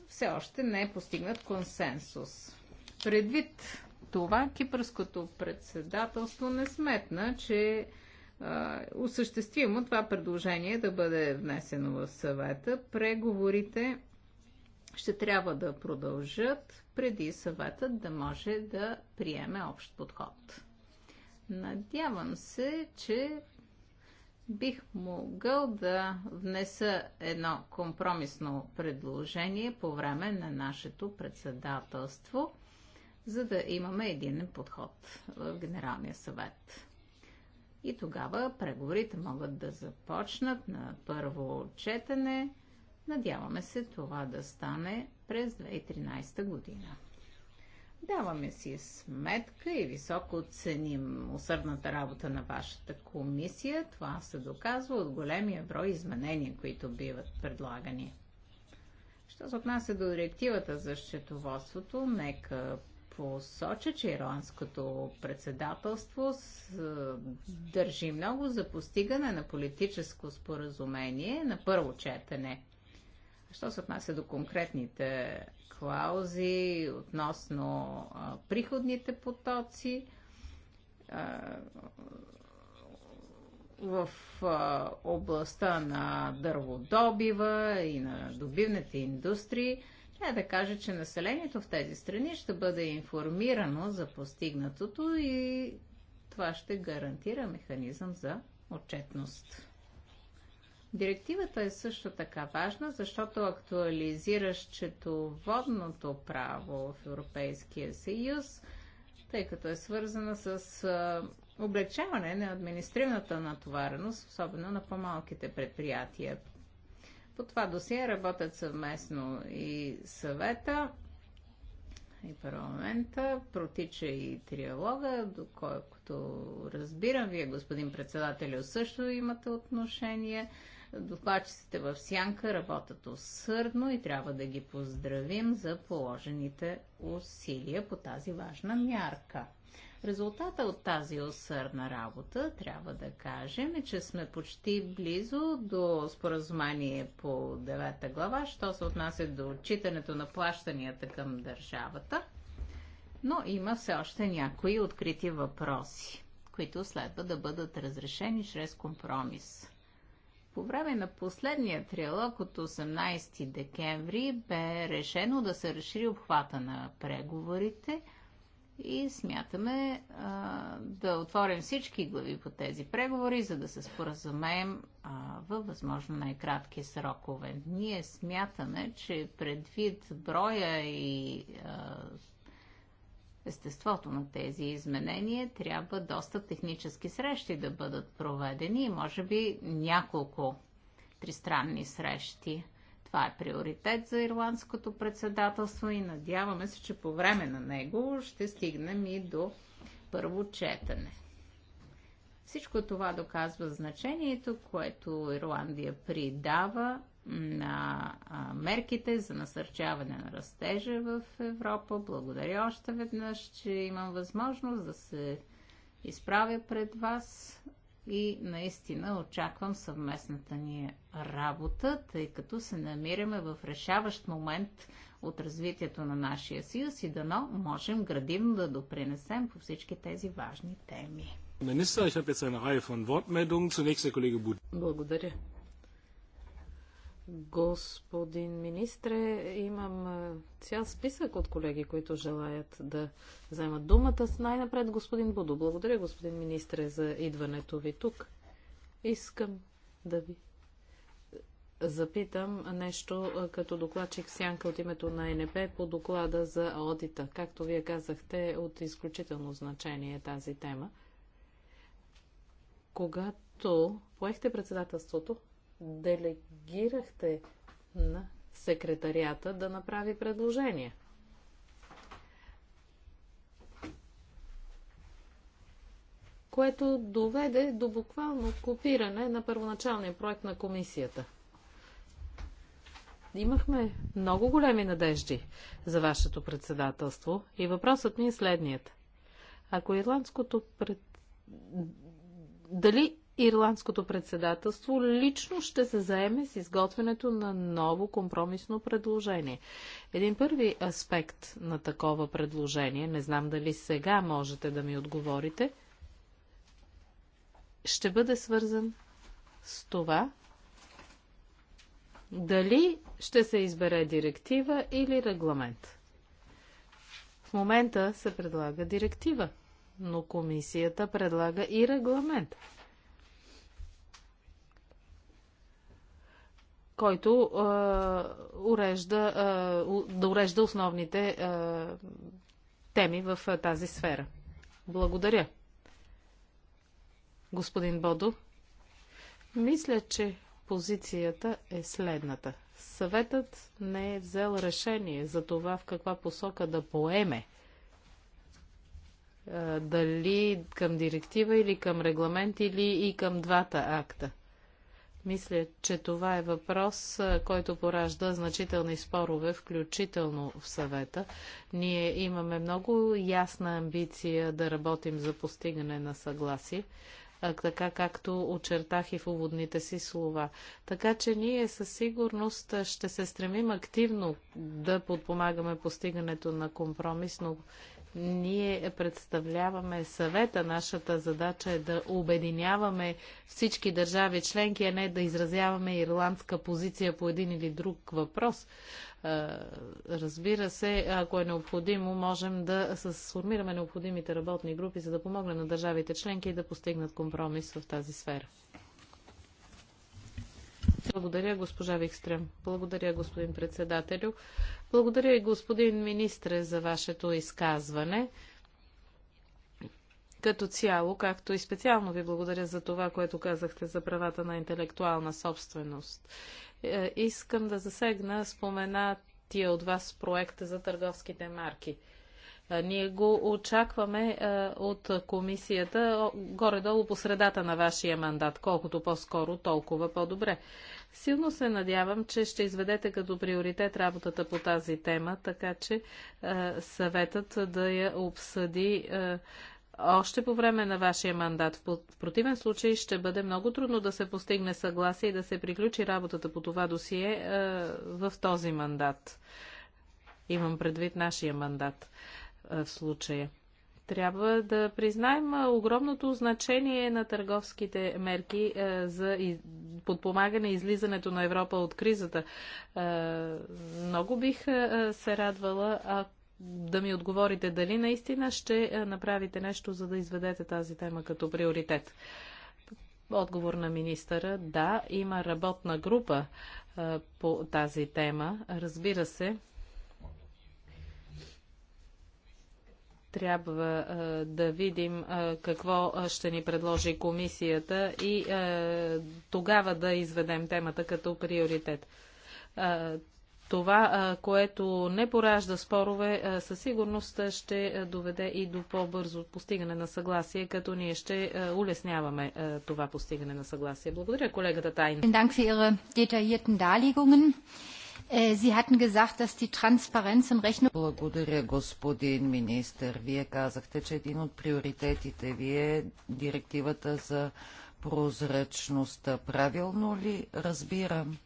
D: Все още не е постигнат консенсус. Предвид това, кипърското председателство не сметна, че осъществимо това предложение да бъде внесено в съвета. Преговорите ще трябва да продължат преди съветът да може да приеме общ подход. Надявам се, че бих могъл да внеса едно компромисно предложение по време на нашето председателство, за да имаме един подход в е, Генералния съвет. И тогава преговорите могат да започнат на първо четене. Надяваме се това да стане през 2013 година. Даваме си сметка и високо ценим усърдната работа на вашата комисия. Това се доказва от големия брой изменения, които биват предлагани. Що се отнася до директивата за счетоводството, нека посоча, че ирландското председателство е, държи много за постигане на политическо споразумение на първо четене. Що се отнася до конкретните клаузи относно а, приходните потоци. А, в а, областта на дърводобива и на добивните индустрии, е да кажа, че населението в тези страни ще бъде информирано за постигнатото и това ще гарантира механизъм за отчетност. Директивата е също така важна, защото актуализира счетоводното право в Европейския съюз, тъй като е свързана с облегчаване на административната натовареност, особено на по-малките предприятия. По това досие работят съвместно и съвета, и парламента, протича и триалога, доколкото разбирам, вие, господин председател, също имате отношение. Докладчиците в Сянка работят усърдно и трябва да ги поздравим за положените усилия по тази важна мярка. Резултата от тази усърдна работа, трябва да кажем, е, че сме почти близо до споразумение по 9 глава, що се отнася до отчитането на плащанията към държавата. Но има все още някои открити въпроси, които следва да бъдат разрешени чрез компромис. По време на последния триалог от 18 декември бе решено да се разшири обхвата на преговорите и смятаме а, да отворим всички глави по тези преговори, за да се споразумеем а, във възможно най-кратки срокове. Ние смятаме, че предвид броя и а, естеството на тези изменения, трябва доста технически срещи да бъдат проведени и може би няколко тристранни срещи. Това е приоритет за ирландското председателство и надяваме се, че по време на него ще стигнем и до първо четене. Всичко това доказва значението, което Ирландия придава на мерките за насърчаване на растежа в Европа. Благодаря още веднъж, че имам възможност да се изправя пред вас и наистина очаквам съвместната ни работа, тъй като се намираме в решаващ момент от развитието на нашия съюз и дано можем градивно да допринесем по
C: всички тези важни теми. Благодаря. Господин министре, имам цял списък от колеги, които желаят да вземат думата. С най-напред господин Будо. Благодаря, господин министре, за идването ви тук. Искам да ви запитам нещо като докладчик Сянка от името на НП по доклада за аудита. Както вие казахте, от изключително значение е тази тема. Когато поехте председателството, делегирахте на секретарията да направи предложение. което доведе до буквално копиране на първоначалния проект на комисията. Имахме много големи надежди за вашето председателство и въпросът ми е следният. Ако ирландското пред... Дали Ирландското председателство лично ще се заеме с изготвянето на ново компромисно предложение. Един първи аспект на такова предложение, не знам дали сега можете да ми отговорите, ще бъде свързан с това, дали ще се избере директива или регламент. В момента се предлага директива, но комисията предлага и регламент – който а, урежда, а, да урежда основните а, теми в а, тази сфера. Благодаря, господин Бодо. Мисля, че позицията е следната. Съветът не е взел решение за това в каква посока да поеме дали към директива или към регламент или и към двата акта. Мисля, че това е въпрос, който поражда значителни спорове, включително в съвета. Ние имаме много ясна амбиция да работим за постигане на съгласие, така както очертах и в уводните си слова. Така че ние със сигурност ще се стремим активно да подпомагаме постигането на компромис, но ние представляваме съвета. Нашата задача е да обединяваме всички държави членки, а не да изразяваме ирландска позиция по един или друг въпрос. Разбира се, ако е необходимо, можем да сформираме необходимите работни групи, за да помогнем на държавите членки и да постигнат компромис в тази сфера. Благодаря, госпожа Викстрем. Благодаря, господин председателю. Благодаря и господин министре за вашето изказване. Като цяло, както и специално ви благодаря за това, което казахте за правата на интелектуална собственост. Е, искам да засегна споменатия от вас проект за търговските марки. Е, ние го очакваме е, от комисията горе-долу по средата на вашия мандат. Колкото по-скоро, толкова по-добре. Силно се надявам, че ще изведете като приоритет работата по тази тема, така че е, съветът да я обсъди е, още по време на вашия мандат. В противен случай ще бъде много трудно да се постигне съгласие и да се приключи работата по това досие е, в този мандат. Имам предвид нашия мандат в случая. Трябва да признаем огромното значение на търговските мерки за подпомагане излизането на Европа от кризата. Много бих се радвала да ми отговорите дали наистина ще направите нещо, за да изведете тази тема като приоритет. Отговор на министъра. Да, има работна група по тази тема. Разбира се, трябва а, да видим а, какво ще ни предложи комисията и а, тогава да изведем темата като приоритет. Това, което не поражда спорове, със сигурност ще доведе и до по-бързо постигане на съгласие, като ние ще улесняваме това постигане на съгласие. Благодаря, колегата Тайн.
A: Е, Sie hatten gesagt, dass die Transparenz Rechnung... Благодаря, господин министр. Вие казахте, че един от приоритетите ви е директивата за прозрачността. Правилно ли разбирам,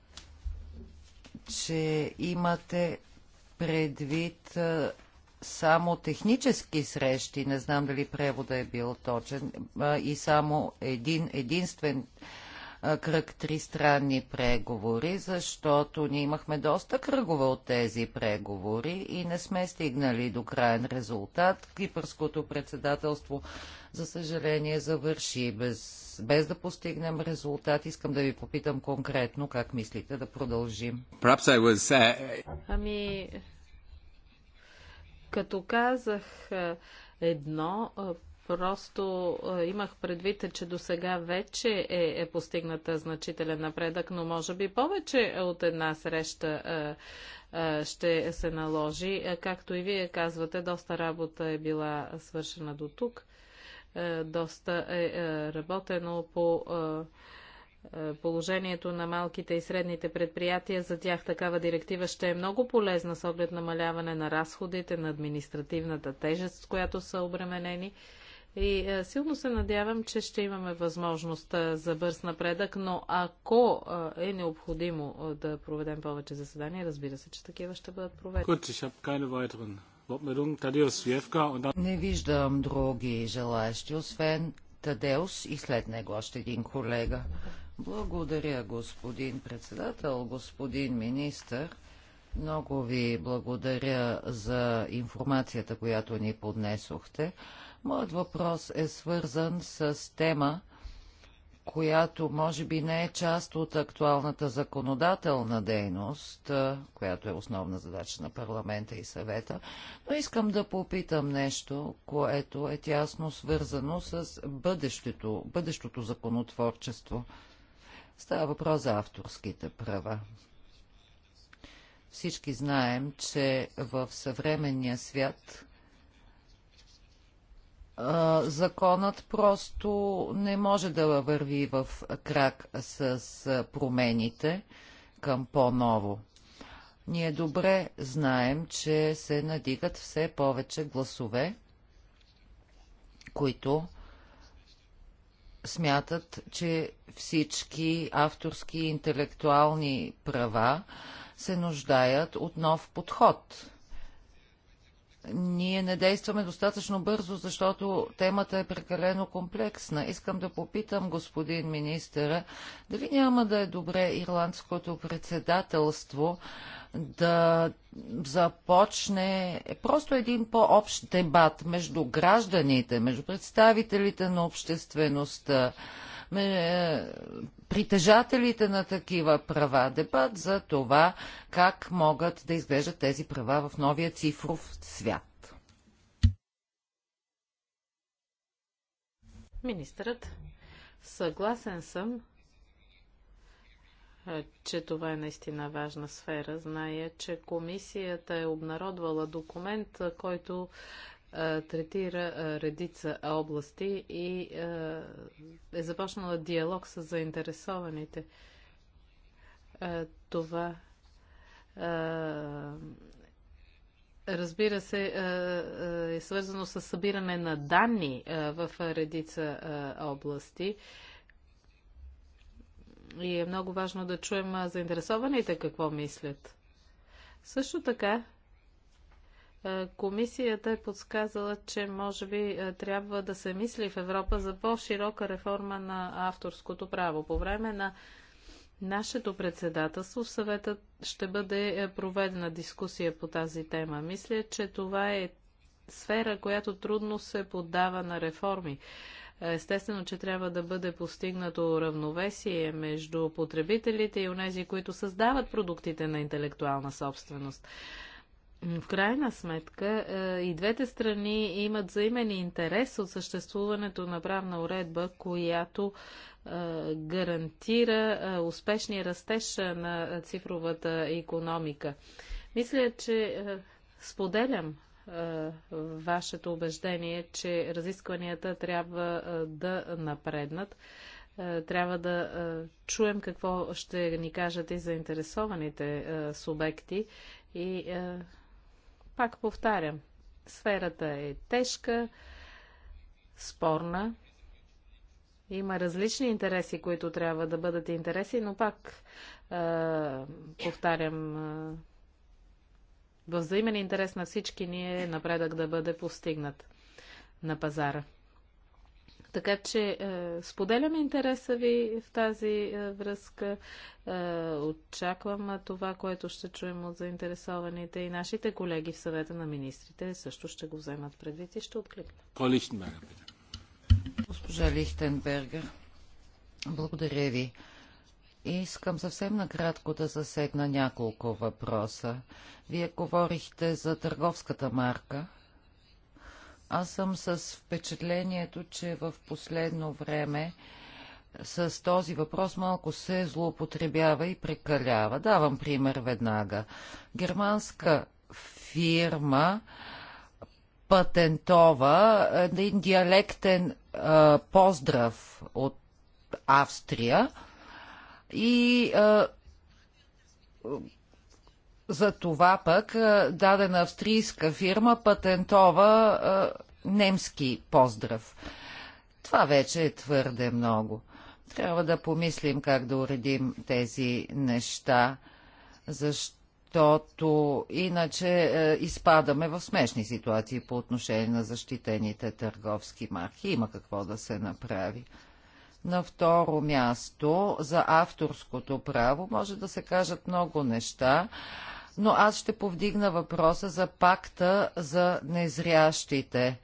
A: че имате предвид е, само технически срещи, не знам дали превода е бил точен, е, и само един единствен кръг тристранни преговори, защото ние имахме доста кръгове от тези преговори и не сме стигнали до крайен резултат. Кипърското председателство, за съжаление, завърши без, без да постигнем резултат. Искам да ви попитам конкретно как мислите да продължим.
D: Uh,
C: ами, като казах едно, Просто имах предвид, че до сега вече е, е постигната значителен напредък, но може би повече от една среща ще се наложи. Както и вие казвате, доста работа е била свършена до тук. Доста е работено по положението на малките и средните предприятия. За тях такава директива ще е много полезна с оглед намаляване на разходите, на административната тежест, с която са обременени. И е, силно се надявам, че ще имаме възможност е, за бърз напредък, но ако е, е необходимо да проведем повече заседания, разбира се, че такива ще бъдат
B: проведени.
A: Не виждам други желаящи, освен Тадеус и след него още един колега. Благодаря, господин председател, господин министър. Много ви благодаря за информацията, която ни поднесохте. Моят въпрос е свързан с тема, която може би не е част от актуалната законодателна дейност, която е основна задача на парламента и съвета, но искам да попитам нещо, което е тясно свързано с бъдещето, бъдещото законотворчество. Става въпрос за авторските права. Всички знаем, че в съвременния свят законът просто не може да върви в крак с промените към по-ново. Ние добре знаем, че се надигат все повече гласове, които смятат, че всички авторски и интелектуални права се нуждаят от нов подход ние не действаме достатъчно бързо, защото темата е прекалено комплексна. Искам да попитам господин министъра, дали няма да е добре ирландското председателство да започне просто един по-общ дебат между гражданите, между представителите на обществеността, е, притежателите на такива права. Дебат за това как могат да изглеждат тези права в новия цифров свят.
C: Министърът, съгласен съм, е, че това е наистина важна сфера. Зная, че комисията е обнародвала документ, който третира редица области и е започнала диалог с заинтересованите. Това разбира се, е свързано с събиране на данни в редица области. И е много важно да чуем заинтересованите какво мислят. Също така, Комисията е подсказала, че може би трябва да се мисли в Европа за по-широка реформа на авторското право. По време на нашето председателство в съвета ще бъде е, проведена дискусия по тази тема. Мисля, че това е сфера, която трудно се поддава на реформи. Естествено, че трябва да бъде постигнато равновесие между потребителите и онези, които създават продуктите на интелектуална собственост. В крайна сметка е, и двете страни имат взаимен интерес от съществуването на правна уредба, която е, гарантира е, успешния растеж на цифровата економика. Мисля, че споделям вашето убеждение, че разискванията трябва да напреднат. Трябва да чуем какво ще ни кажат и заинтересованите субекти и пак повтарям, сферата е тежка, спорна, има различни интереси, които трябва да бъдат интереси, но пак е, повтарям, е, взаимен интерес на всички ние напредък да бъде постигнат на пазара. Така че е, споделям интереса ви в тази е, връзка. Е, очаквам е, това, което ще чуем от заинтересованите и нашите колеги в съвета на министрите също ще го вземат предвид и ще откликнат. Госпожа
A: Лихтенбергер, благодаря ви. Искам съвсем накратко да засегна няколко въпроса. Вие говорихте за търговската марка аз съм с впечатлението, че в последно време с този въпрос малко се злоупотребява и прекалява. Давам пример веднага. Германска фирма патентова е, един диалектен а, е, поздрав от Австрия и а, е, за това пък е, дадена австрийска фирма патентова е, немски поздрав. Това вече е твърде много. Трябва да помислим как да уредим тези неща, защото иначе е, изпадаме в смешни ситуации по отношение на защитените търговски марки. Има какво да се направи. На второ място за авторското право може да се кажат много неща но аз ще повдигна въпроса за пакта за незрящите.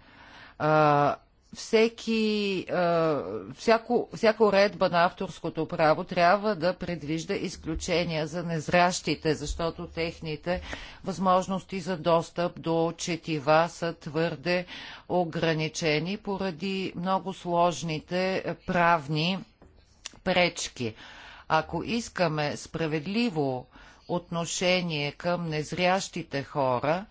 A: А, всеки, а, всяко, всяка уредба на авторското право трябва да предвижда изключения за незрящите, защото техните възможности за достъп до четива са твърде ограничени поради много сложните правни пречки. Ако искаме справедливо отношение към незрящите хора,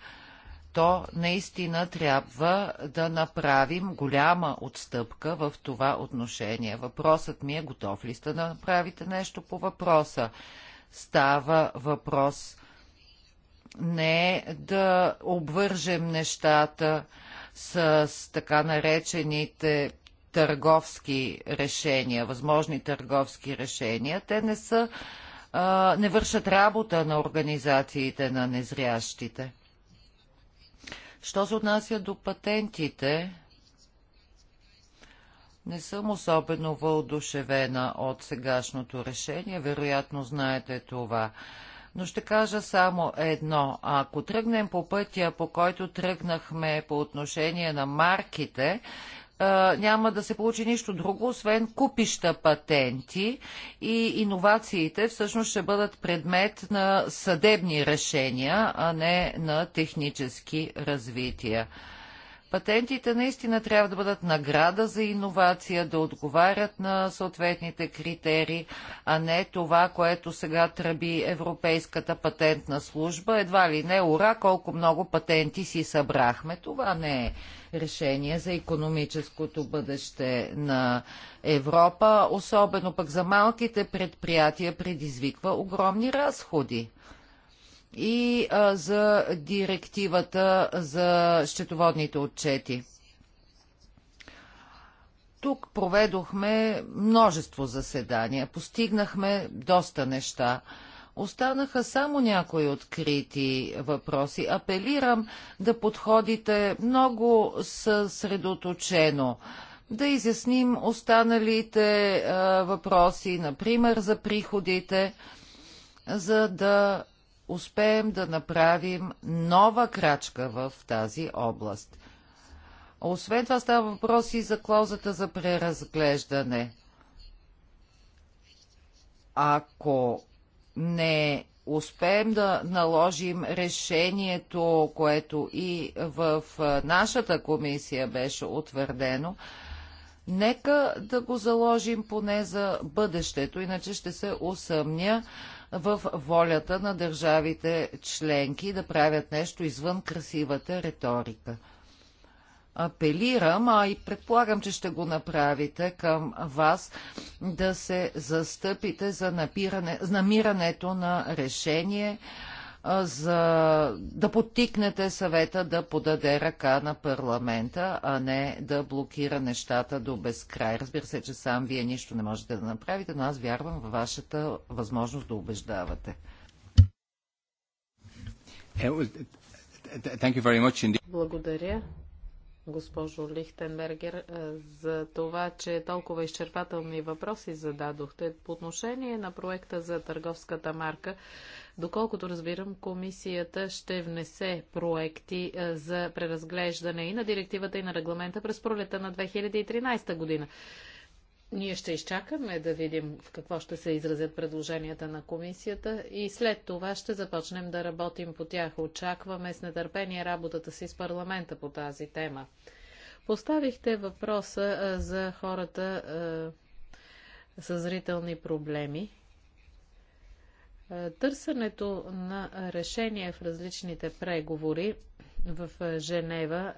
A: то наистина трябва да направим голяма отстъпка в това отношение. Въпросът ми е, готов ли сте да направите нещо по въпроса? Става въпрос не да обвържем нещата с така наречените търговски решения, възможни търговски решения. Те не са а, не вършат работа на организациите на незрящите. Що се отнася до патентите, не съм особено вълдушевена от сегашното решение, вероятно знаете това. Но ще кажа само едно. Ако тръгнем по пътя, по който тръгнахме по отношение на марките, няма да се получи нищо друго, освен купища патенти и иновациите всъщност ще бъдат предмет на съдебни решения, а не на технически развития. Патентите наистина трябва да бъдат награда за иновация, да отговарят на съответните критерии, а не това, което сега тръби Европейската патентна служба. Едва ли не, ура, колко много патенти си събрахме. Това не е решение за економическото бъдеще на Европа, особено пък за малките предприятия предизвиква огромни разходи и а, за директивата за счетоводните отчети. Тук проведохме множество заседания, постигнахме доста неща. Останаха само някои открити въпроси. Апелирам да подходите много съсредоточено да изясним останалите а, въпроси, например за приходите, за да успеем да направим нова крачка в тази област. Освен това става въпрос и за клаузата за преразглеждане. Ако не успеем да наложим решението, което и в нашата комисия беше утвърдено, нека да го заложим поне за бъдещето, иначе ще се усъмня в волята на държавите членки да правят нещо извън красивата риторика. Апелирам, а и предполагам, че ще го направите към вас, да се застъпите за намирането на решение, за да подтикнете съвета да подаде ръка на парламента, а не да блокира нещата до безкрай. Разбира се, че сам вие нищо не можете да направите, но аз вярвам в вашата възможност да убеждавате. Е,
B: е, е,
C: Благодаря, госпожо Лихтенбергер, за това, че толкова изчерпателни въпроси зададохте. По отношение на проекта за търговската марка, Доколкото разбирам, комисията ще внесе проекти е, за преразглеждане и на директивата и на регламента през пролета на 2013 година. Ние ще изчакаме да видим в какво ще се изразят предложенията на комисията и след това ще започнем да работим по тях. Очакваме с нетърпение работата си с парламента по тази тема. Поставихте въпроса е, за хората със е, с зрителни проблеми. Е, търсенето на решение в различните преговори в е, Женева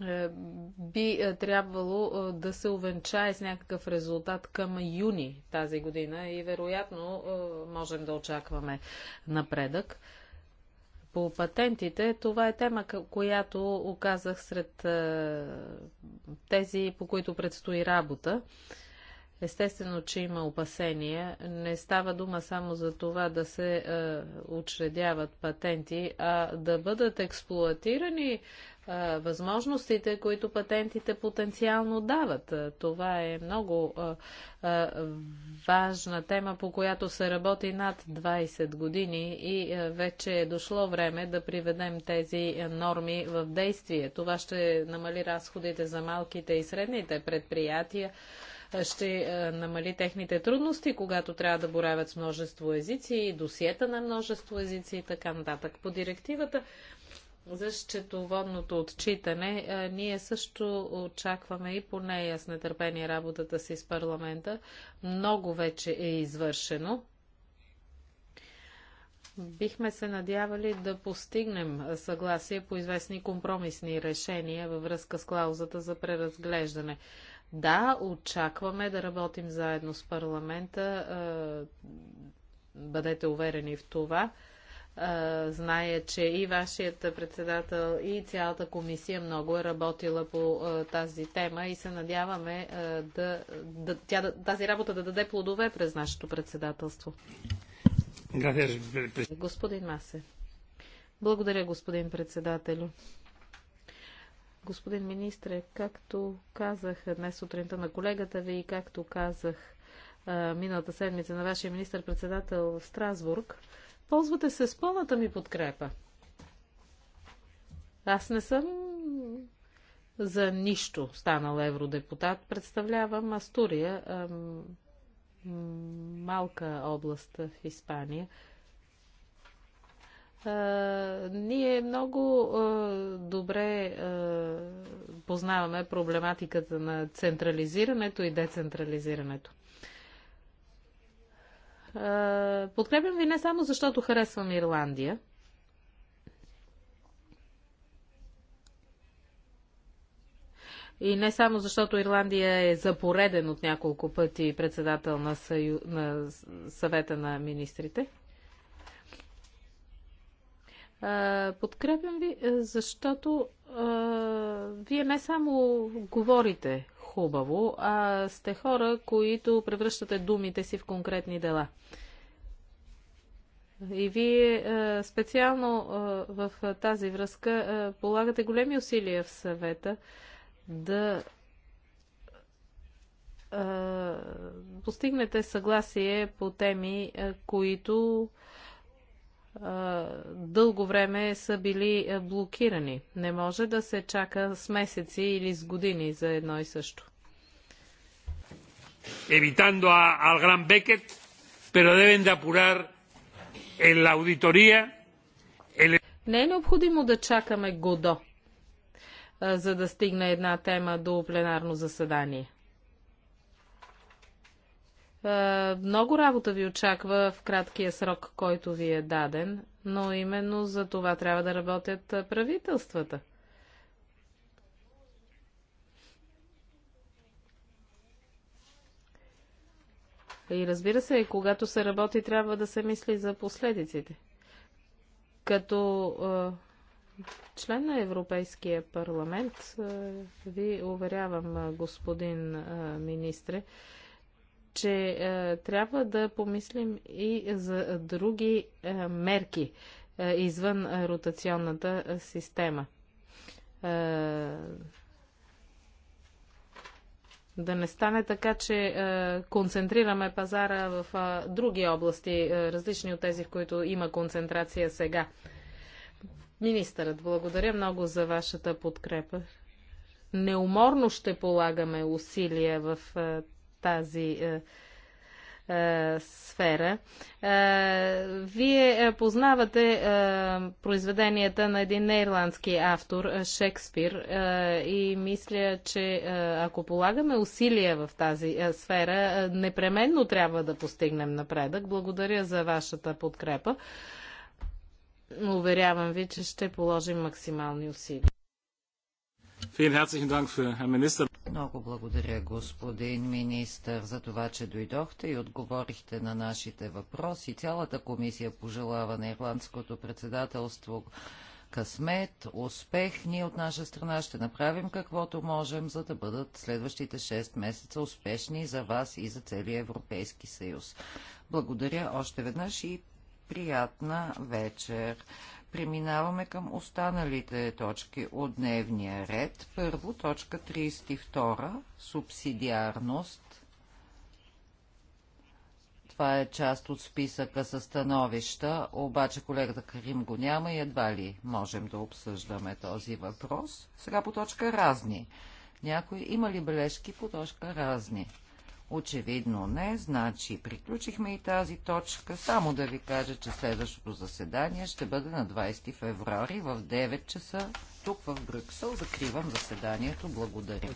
C: е, би трябвало да се увенчае с някакъв резултат към юни тази година и вероятно можем да очакваме напредък. По патентите, това е тема, която оказах сред тези, по които предстои работа. Естествено, че има опасения. Не става дума само за това да се е, учредяват патенти, а да бъдат експлуатирани е, възможностите, които патентите потенциално дават. Е, това е много е, е, важна тема, по която се работи над 20 години и е, вече е дошло време да приведем тези е, норми в действие. Това ще намали разходите за малките и средните предприятия ще е, намали техните трудности, когато трябва да боравят с множество езици и досиета на множество езици и така нататък. По директивата за счетоводното отчитане, е, ние също очакваме и по нея с нетърпение работата си с парламента. Много вече е извършено. Бихме се надявали да постигнем съгласие по известни компромисни решения във връзка с клаузата за преразглеждане. Да, очакваме да работим заедно с парламента. Бъдете уверени в това. Зная, че и вашият председател, и цялата комисия много е работила по тази тема и се надяваме да, да, тя, тази работа да даде плодове през нашето председателство. Господин Масе. Благодаря, господин председателю. Господин министре, както казах днес сутринта на колегата ви и както казах а, миналата седмица на вашия министр-председател в Страсбург, ползвате се с пълната ми подкрепа. Аз не съм за нищо станал евродепутат. Представлявам Астурия, малка област в Испания ние много добре познаваме проблематиката на централизирането и децентрализирането. Подкрепям ви не само защото харесвам Ирландия. И не само защото Ирландия е запореден от няколко пъти председател на, съю... на съвета на министрите – е, подкрепям ви, е, защото е, вие не само говорите хубаво, а сте хора, които превръщате думите си в конкретни дела. И вие специално в тази връзка полагате големи усилия в съвета да постигнете съгласие по теми, които дълго време са били блокирани. Не може да се чака с месеци или с години за едно и също. Evitando a, al gran Beckett, pero deben de apurar en la auditoría. El... Не е необходимо да чакаме Годо, за да стигне една тема до пленарно заседание. Е, много работа ви очаква в краткия срок, който ви е даден, но именно за това трябва да работят е, правителствата. И разбира се, когато се работи, трябва да се мисли за последиците. Като е, член на Европейския парламент, ви уверявам, господин министре, че е, трябва да помислим и за други е, мерки е, извън е, ротационната е, система. Е, да не стане така, че е, концентрираме пазара в е, други области, е, различни от тези, в които има концентрация сега. Министърът, благодаря много за вашата подкрепа. Неуморно ще полагаме усилия в е, тази е, е, сфера. Е, вие е, познавате е, произведенията на един нейрландски автор, е, Шекспир, и мисля, че ако полагаме усилия в тази сфера, непременно трябва да постигнем напредък. Благодаря за вашата подкрепа. Уверявам ви, че ще положим максимални усилия.
A: Много благодаря, господин министр, за това, че дойдохте и отговорихте на нашите въпроси. Цялата комисия пожелава на ирландското председателство късмет, успех. Ние от наша страна ще направим каквото можем, за да бъдат следващите 6 месеца успешни за вас и за целия Европейски съюз. Благодаря още веднъж и приятна вечер. Преминаваме към останалите точки от дневния ред. Първо, точка 32, субсидиарност. Това е част от списъка със становища, обаче колегата Карим го няма и едва ли можем да обсъждаме този въпрос. Сега по точка разни. Някой има ли бележки по точка разни? Очевидно не, значи приключихме и тази точка. Само да ви кажа, че следващото заседание ще бъде на 20 февруари в 9 часа тук в Брюксел. Закривам заседанието. Благодаря.